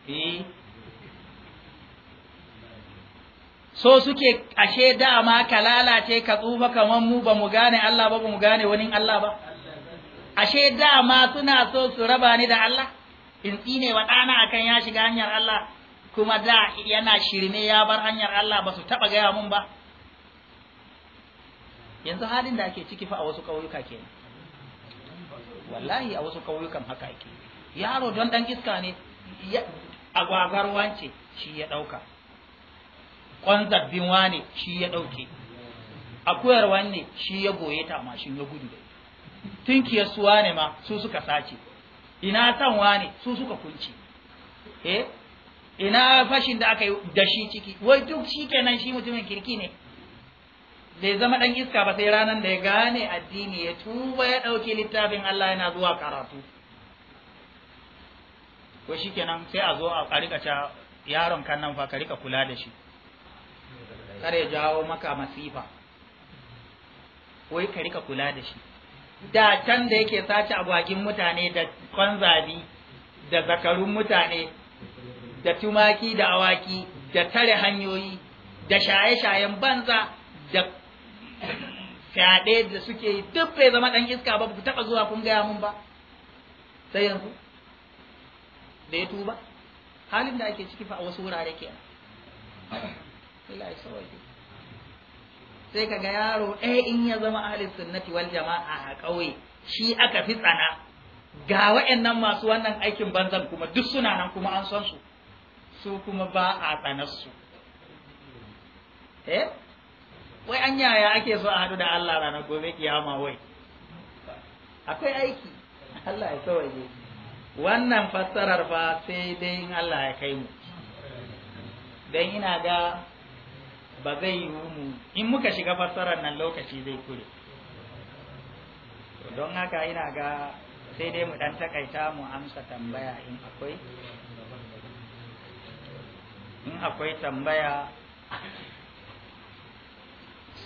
eh. so suke ashe dama ka lalace ka tsufa kamar mu ba mu gane Allah ba mu gane wani Allah ba ashe dama suna so su raba ni da Allah in tsine wa ɗana akan ya shiga hanyar Allah kuma da yana shirme ya bar hanyar Allah ba su taɓa gaya mun ba yanzu halin da ake ciki fa a wasu ƙauyuka kenan wallahi a wasu ƙauyukan haka ake yaro don ɗan iska ne agwagar wance shi ya ɗauka ƙwanzar binwa ne shi ya ɗauke akuyar wanne shi ya goye ta mashin ya gudu da tunkiyar suwa ne ma su suka sace ina san su suka kunci eh ina fashin da aka yi da ciki wai duk shi kenan shi mutumin kirki ne bai zama ɗan iska ba sai ranar da ya gane addini ya tuba ya ɗauki littafin Allah yana zuwa karatu ko shikenan sai a zo a karika ca yaron kan nan fa ka rika kula da shi kar ya jawo maka masifa wai ka rika kula da shi da can da yake sace agwagin mutane da kwanzabi da zakarun mutane da tumaki da awaki da tare hanyoyi da shaye-shayen banza da fyaɗe da suke yi duk bai zama ɗan iska ba ku taɓa zuwa kun gaya mun ba sai yanzu da ya tuba halin da ake ciki fa a wasu wurare ke sai kaga yaro ɗaya in ya zama ahalin sunnati wal jama'a a ƙauye shi aka fi tsana ga wa'annan masu wannan aikin banzan kuma duk suna nan kuma an san su su kuma ba a tsanar su eh? wai an yaya ake so a haɗu da Allah ranar gobe kiyama wai akwai aiki Allah ya sauraye wannan fassarar fa sai dai in Allah ya kai mu dan ina ga ba zai yi mu in muka shiga fassarar nan lokaci zai kure don haka ina ga sai dai mu dan takaita mu amsa tambaya in akwai in akwai tambaya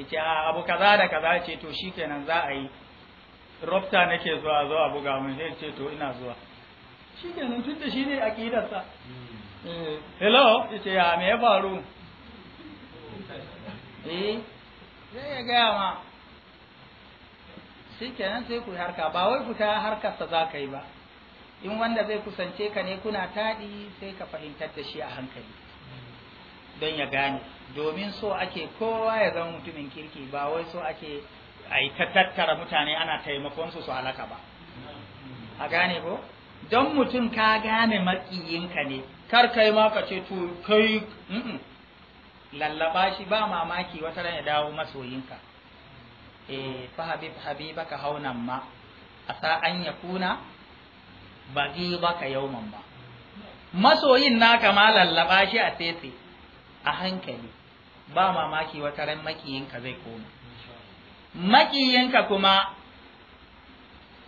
Yake a abu kaza da kaza ce to shikenan za a yi rofta nake zuwa zo abu ga mun sai ce to ina zuwa shikenan tunda shi ne sa eh, hello yace ya me ya faru eh sai ya gaya ma shikenan sai ku harka ba wai fita harkarsa za ka yi ba in wanda zai kusance ka ne kuna taɗi sai ka fahimtar da shi a hankali don ya gane domin so ake kowa ya zama mutumin kirki ba wai so ake a yi tattara mutane ana taimakon su su halaka ba a gane ko don mutum ka gane makiyinka ne kar kai ma ka ce to kai lallaba shi ba mamaki wata ran ya dawo masoyinka eh fa habib ka haunan ma asa an yakuna baghibaka yawman ba. masoyin naka ma lallaba shi a tsefe a hankali ba mamaki wata ran makiyinka zai koma makiyinka kuma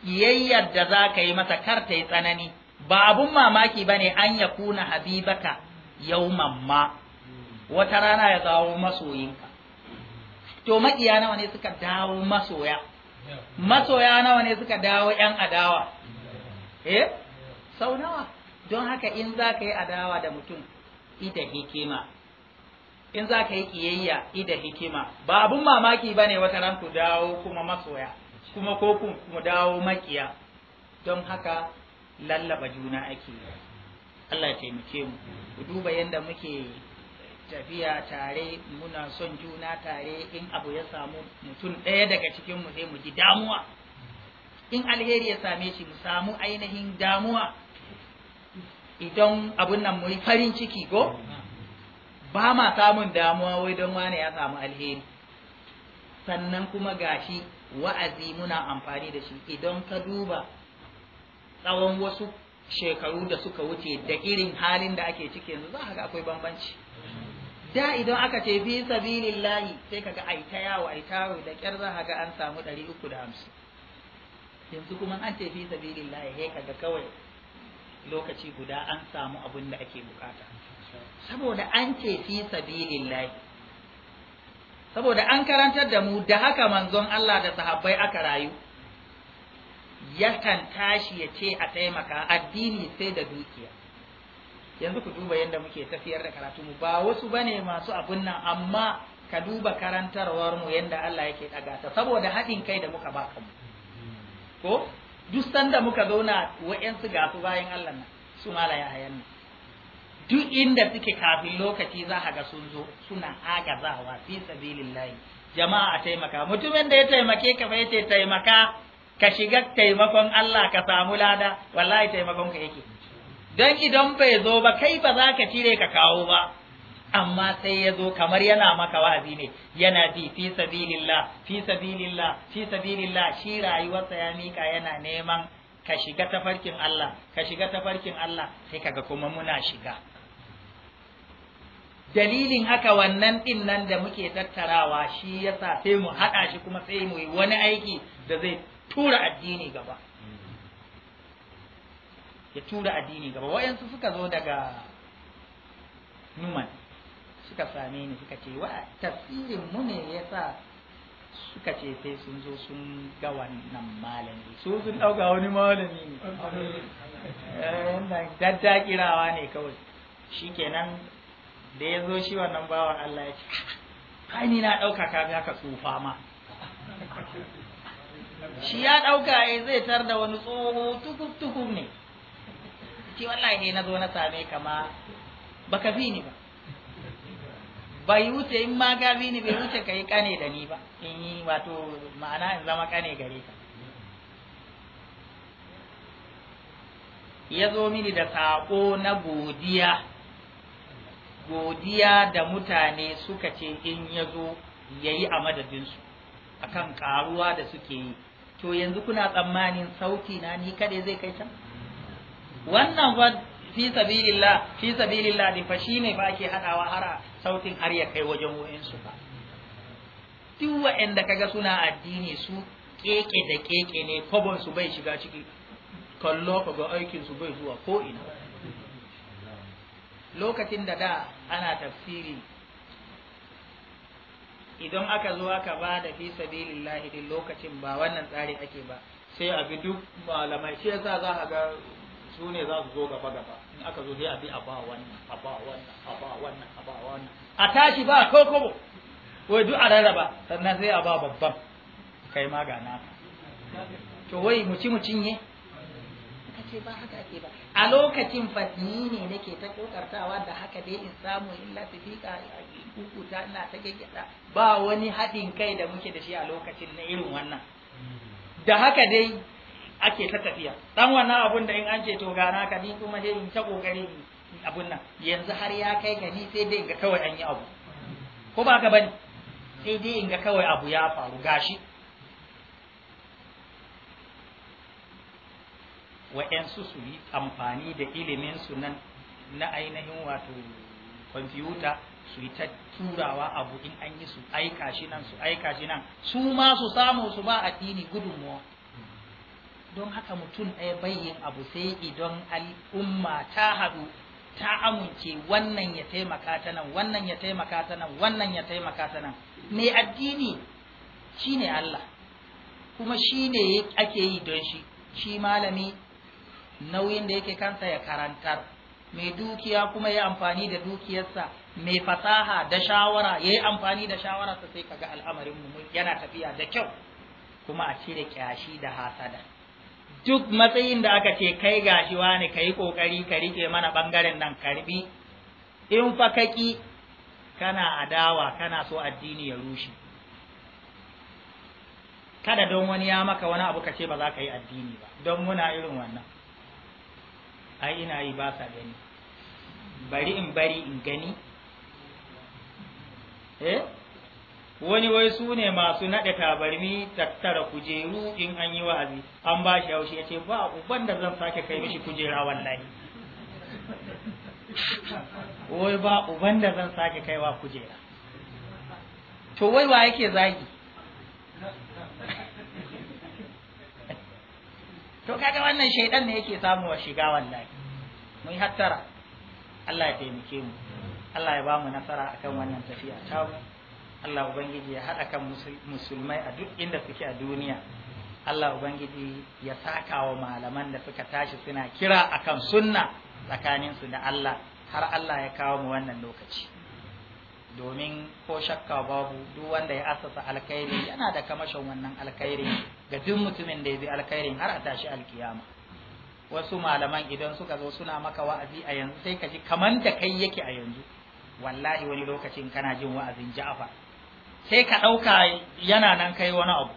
yayyar da za ka yi masa kar ta yi tsanani ba abun mamaki ba ne an ya kuna habibaka yau mamma. wata rana ya dawo masoyinka to makiya nawa ne suka dawo masoya masoya nawa ne suka dawo yan adawa eh sau nawa don haka in za ka yi adawa da mutum ita hikima in za ka yi kiyayya ida hikima ba abun mamaki ba ne wata ran ku dawo kuma masoya kuma ko ku dawo makiya don haka lallaba juna ake Allah ya taimake mu ku duba yadda muke tafiya tare muna son juna tare in abu ya samu mutum ɗaya daga cikin mu sai mu ji damuwa in alheri ya same shi mu samu ainihin damuwa idan abun nan mu yi farin ciki ko ba ma samun damuwa wai don wane ya samu alheri sannan kuma gashi wa'azi muna amfani da shi idan ka duba tsawon wasu shekaru da suka wuce da irin halin da ake ciki yanzu za ga akwai bambanci da idan aka ce fi sabilillahi sai kaga ai ta yawo ai ta da kyar za ga an samu 350 yanzu kuma an ce fi sabilillahi sai ga kawai lokaci guda an samu abin da ake bukata saboda an ce fi sabilillahi saboda an karantar da mu da haka manzon Allah da sahabbai aka rayu yakan tashi ya ce a taimaka addini sai da dukiya yanzu ku duba yadda muke tafiyar da karatu mu ba wasu bane masu abun nan amma ka duba karantarwar mu yadda Allah yake daga ta saboda haɗin kai da muka baka mu ko duk sanda muka zauna wa'yansu ga su bayan Allah nan su mala ya hayan nan duk inda suke kafin lokaci za a ga sun zo suna agazawa fi layi jama'a a taimaka mutumin da ya taimake ka fa yace taimaka ka shiga taimakon Allah ka samu lada wallahi taimakon ka yake don idan bai zo ba kai ba za ka cire ka kawo ba amma sai ya zo kamar yana maka wa'azi ne yana bi fi sabilillah fi sabilillah fi sabilillah shi rayuwarsa ya mika yana neman ka shiga tafarkin Allah ka shiga tafarkin Allah sai kaga kuma muna shiga dalilin haka wannan din nan da muke tattarawa shi yasa sai mu haɗa shi kuma sai mu yi wani aiki da zai tura addini gaba ya tura addini gaba wayansu suka zo daga numan suka same ni suka ce wa tafsirin mu ne yasa suka ce sai sun zo sun ga wannan malami su sun ɗauka wani malami ne eh, daddakirawa ne kawai shikenan da ya zo shi wannan bawan Allah ya ce kai ni na ɗauka ka ga ka tsufa ma shi ya ɗauka ya zai tar da wani tsoho tukub tukub ne Ki wallahi ne na zo na same ka ma baka fi ni ba bai wuce in ma ga bi ni bai wuce ka yi kane da ni ba in yi wato ma'ana in zama kane gare ka ya zo mini da sako na godiya godiya da mutane suka ce in ya zo ya yi a madadinsu a kan ƙaruwa da suke yi to yanzu kuna tsammanin sauki na ni kaɗai zai kai can wannan fa fi sabilillah fi sabilillah din fa shine ba ake hadawa har sautin har ya kai wajen wayansu fa duk wa'anda kaga suna addini su keke da keke ne kobon bai shiga ciki kallo ga aikin su bai zuwa ko ina lokacin da da ana tafsiri idan aka zo aka ba da fi sabilillahi din lokacin ba wannan tsari ake ba sai a bi duk malamai shi yasa za a ga su ne za su zo gaba gaba in aka zo sai a bi a ba wannan a ba wannan a ba wannan a ba wannan a tashi ba ko kobo wai duk a rarraba sannan sai a ba babban kai ma ga naka to wai mu ci mu cinye ba haka ake ba a lokacin fatini ne nake ta kokartawa da haka dai in samu illa tafiqa kuku kukuta ina ta gaggada ba wani haɗin kai da muke da shi a lokacin na irin wannan hmm. da haka dai ake ta tafiya dan wannan abun da in an ce to gana ka ni kuma dai in ta kokari abun nan yanzu har ya kai ga ni sai dai in ga kawai an yi abu ko ba ka bani? sai dai in ga kawai abu ya faru gashi wa'yansu su yi amfani da iliminsu nan na ainihin wato kwamfuta su yi ta turawa abu in an yi su aika shi nan su aika shi nan su ma su samu su ba addini gudunmuwa don haka mutum ɗaya bayyin abu sai idan al'umma ta haɗu ta amince wannan ya taimaka ta nan wannan ya taimaka ta nan wannan ya taimaka ta nan mai addini shine Allah kuma shi ne ake yi don shi shi malami nauyin da yake kansa ya karantar mai dukiya kuma ya amfani da dukiyarsa mai fasaha da shawara ya yi amfani da shawararsa sai kaga al'amarin mu yana tafiya da kyau kuma a cire kyashi da hasada duk matsayin da aka ce kai gashi wani kai kokari ka rike mana bangaren nan karbi in fa kana adawa kana so addini ya rushe kada don wani ya maka wani abu ka ce ba za ka yi addini ba don muna irin wannan ai ina yi ba sa gani bari in bari in gani eh wani wai su ne masu naɗe tabarmi tattara kujeru in an yi wa'azi an ba shi haushi ya ce ba uban da zan sake kai mishi kujera wallahi wai ba uban da zan sake kaiwa kujera to wai wa yake zagi to kaga wannan shaidan ne yake samu wa shiga wallahi mun hattara Allah ya taimake mu Allah ya ba mu nasara akan wannan tafiya ta Allah ubangiji ya haɗa kan musulmai a duk inda suke a duniya Allah ubangiji ya saka wa malaman da suka tashi suna kira akan sunna tsakaninsu da Allah har Allah ya kawo mu wannan lokaci domin ko shakka babu duk wanda ya asasa alkhairi yana da kamashin wannan alkhairi ga duk mutumin da ya bi alkhairin har a tashi alkiyama wasu malaman idan suka zo suna maka wa'azi a yanzu sai ka ji kaman da kai yake a yanzu wallahi wani lokacin kana jin wa'azin ja'afa sai ka ɗauka yana nan kai wani abu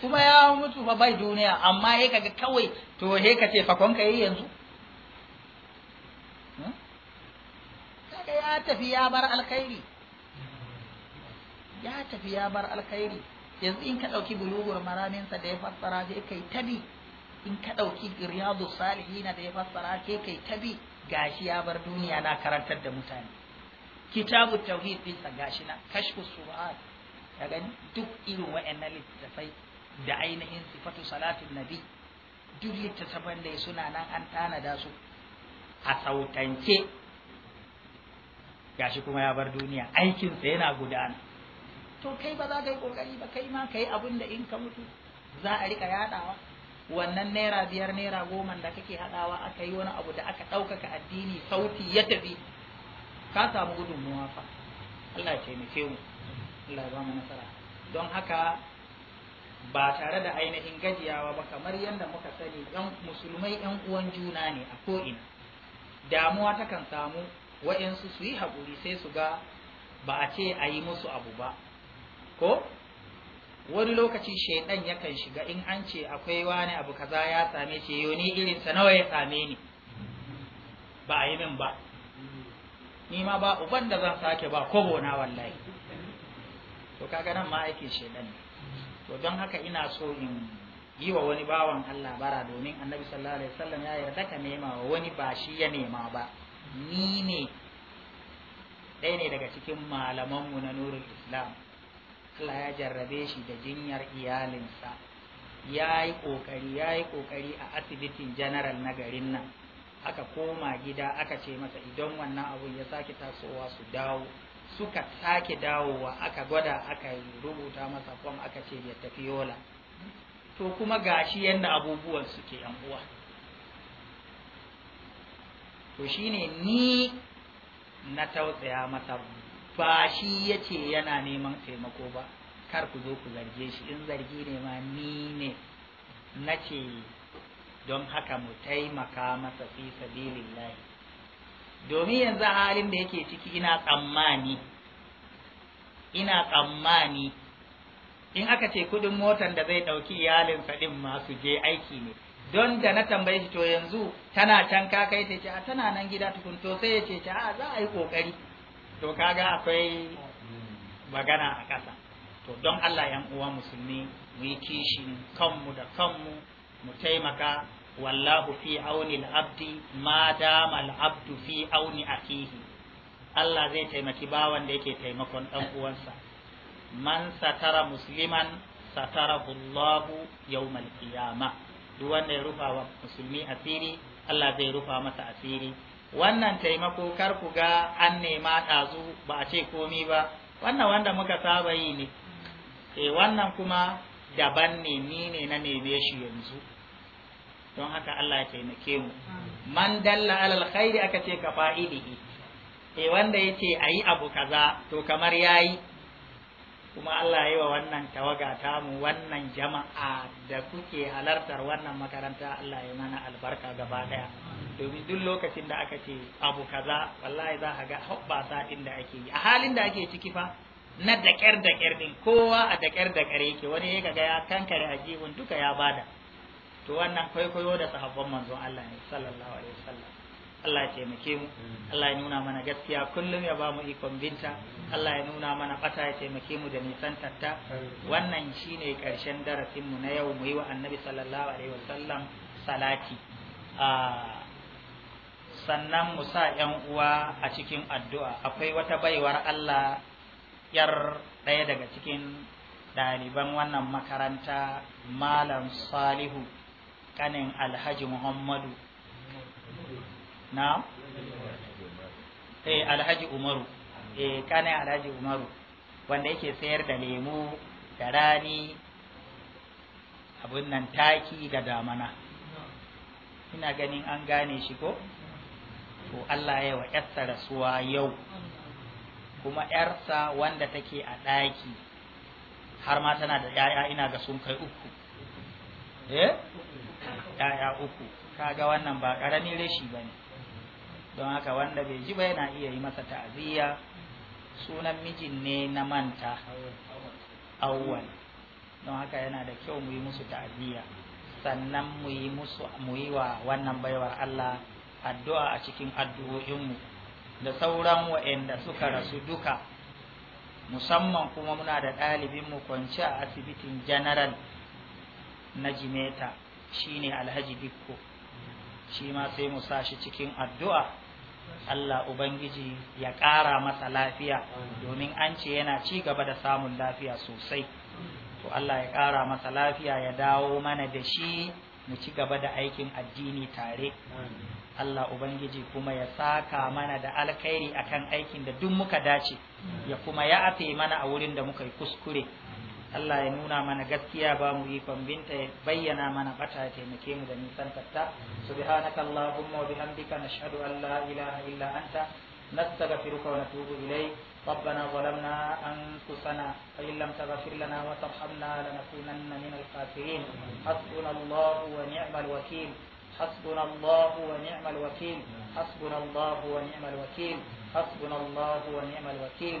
kuma ya mutu ba, bai duniya amma he kaga kawai to he ka ce fakon ka yi yanzu ya tafi ya bar alkhairi ya tafi ya bar alkhairi yanzu in ka ɗauki bulugur maraminsa da ya fassara ke kai tabi in ka ɗauki riyadu salihina da ya fassara ke kai tabi gashi ya bar duniya na karantar da mutane kitabu tauhid sa gashi na kashfu su'al ka gani duk irin wa'annan littattafai da ainihin sifatu salatun nabi duk littattafan da suna nan an tanada su a sautance gashi kuma ya bar duniya aikinsa yana gudana to kai ba za ka yi kokari ba kai ma ka yi abin da in ka mutu za a rika yadawa wannan naira biyar naira goma da kake hadawa aka yi wani abu da aka ɗaukaka addini sauti ya tafi ka samu gudun fa Allah ya taimake mu Allah ya ba mu nasara don haka ba tare da ainihin gajiyawa ba kamar yadda muka sani yan musulmai yan uwan juna ne a ko'ina damuwa takan samu wa'yansu su yi haƙuri sai su ga ba a ce a yi musu abu ba ko wani lokaci shaidan yakan shiga in an ce akwai wani abu kaza ya same shi yoni irin sa nawa ya same ni ba a yi min ba ni ma ba uban da zan sake ba kobo na wallahi to kaga nan ma aikin shaidan ne to don haka ina so in yi wa wani bawan Allah bara domin annabi sallallahu alaihi wasallam ya yarda ka nema wa wani ba shi ya nema ba ni ne ɗaya ne daga cikin malamanmu na nurul islam Allah ya jarrabe shi da jinyar iyalinsa ya yi ƙoƙari ya yi ƙoƙari a asibitin janaral na garin nan aka koma gida aka ce masa idan wannan abun ya sake tasowa su dawo suka sake dawowa aka gwada aka rubuta masa fom aka ce ya tafi yola to kuma gashi yadda abubuwan suke yan uwa to shine ni na tausaya masa ba shi ya ce yana neman taimako ba kar ku zo ku zarge shi in zargi ne ma ni ne na ce don haka mu taimaka masa fi sabilillahi domin yanzu halin da yake ciki ina tsammani ina tsammani in aka ce kudin motar da zai ɗauki iyalinsa ɗin masu je aiki ne don da na tambaye shi to yanzu tana can ka kai ta ce a tana nan gida tukun to sai ya ce ta a za a yi kokari to kaga akwai magana a ƙasa to don Allah yan uwa musulmi mu yi kishin kanmu da kanmu mu taimaka wallahu fi auni al-abdi ma dama al-abdu fi auni akihi Allah zai taimaki bawan da yake taimakon dan uwansa man satara musliman satarahu Allahu yawmal qiyamah duk wanda ya rufa wa musulmi asiri Allah zai rufa masa asiri wannan taimako kar ku ga an nema ɗazu ba a ce komi ba wannan wanda muka saba yi ne e wannan kuma daban ne ni ne na neme shi yanzu don haka Allah ya taimake mu man dalla alal khairi aka ce ka fa'ilihi e wanda yace ayi abu kaza to kamar yayi kuma Allah ya yi wa wannan tawaga tamu wannan jama'a da kuke halartar wannan makaranta Allah ya mana albarka gaba daya domin duk lokacin da aka ce abu kaza wallahi za ka ga hoɓɓasa inda ake yi a halin da ake ciki fa na daƙar daƙar din kowa a daƙar daƙar yake wani ya ga ya kankare ajihun duka ya bada to wannan kwaikwayo da sahabban manzon Allah ne sallallahu alaihi wasallam Allah ya taimake mu Allah ya nuna mana gaskiya kullum ya bamu ikon binta Allah ya nuna mana ƙasa ya taimake mu da nisan tatta wannan shine ƙarshen darasin mu na yau mu yi wa annabi sallallahu alaihi wasallam salati ah, sannan mu sa yan uwa a cikin addu'a akwai wata baiwar Allah yar ɗaya daga cikin ɗaliban wannan makaranta malam salihu kanin alhaji muhammadu na eh alhaji umaru eh kanin alhaji umaru wanda yake sayar da lemu da rani abun nan taki da damana ina ganin an gane shi ko to Allah ya wa yarsa rasuwa yau kuma yarsa wanda take a ɗaki har ma tana da ‘ya'ya ina ga sun kai uku eh ‘ya'ya uku kaga wannan ba ƙaramin rashi ba ne don haka wanda bai ji ba yana iya yi masa ta'aziyya sunan mijin ne na manta awwal don haka yana da kyau mu yi musu ta'aziyya sannan mu yi musu mu yi wa wannan baiwar Allah addu'a a cikin addu'o'inmu da sauran wa'anda suka rasu duka musamman kuma muna da mu kwance a asibitin general na jimeta shine alhaji dikko shi ma sai mu sa shi cikin addu'a Allah Ubangiji ya ƙara masa lafiya domin an ce yana ci gaba da samun lafiya sosai to Allah ya ƙara masa lafiya ya dawo mana da shi mu ci gaba da aikin addini tare Allah Ubangiji kuma ya saka mana da alkhairi akan aikin da duk muka dace ya kuma ya afe mana a wurin da muka yi kuskure Allah ya nuna mana gaskiya ba mu ikon binta ya bayyana mana bata ya taimake mu da nisan tatta subhanaka allahumma wa bihamdika nashhadu an la ilaha illa anta nastaghfiruka wa natubu ilayk ربنا ظلمنا أنفسنا فإن لم تغفر لنا وترحمنا لنكونن من الخاسرين حسبنا الله ونعم الوكيل حسبنا الله ونعم الوكيل حسبنا الله ونعم الوكيل حسبنا الله ونعم الوكيل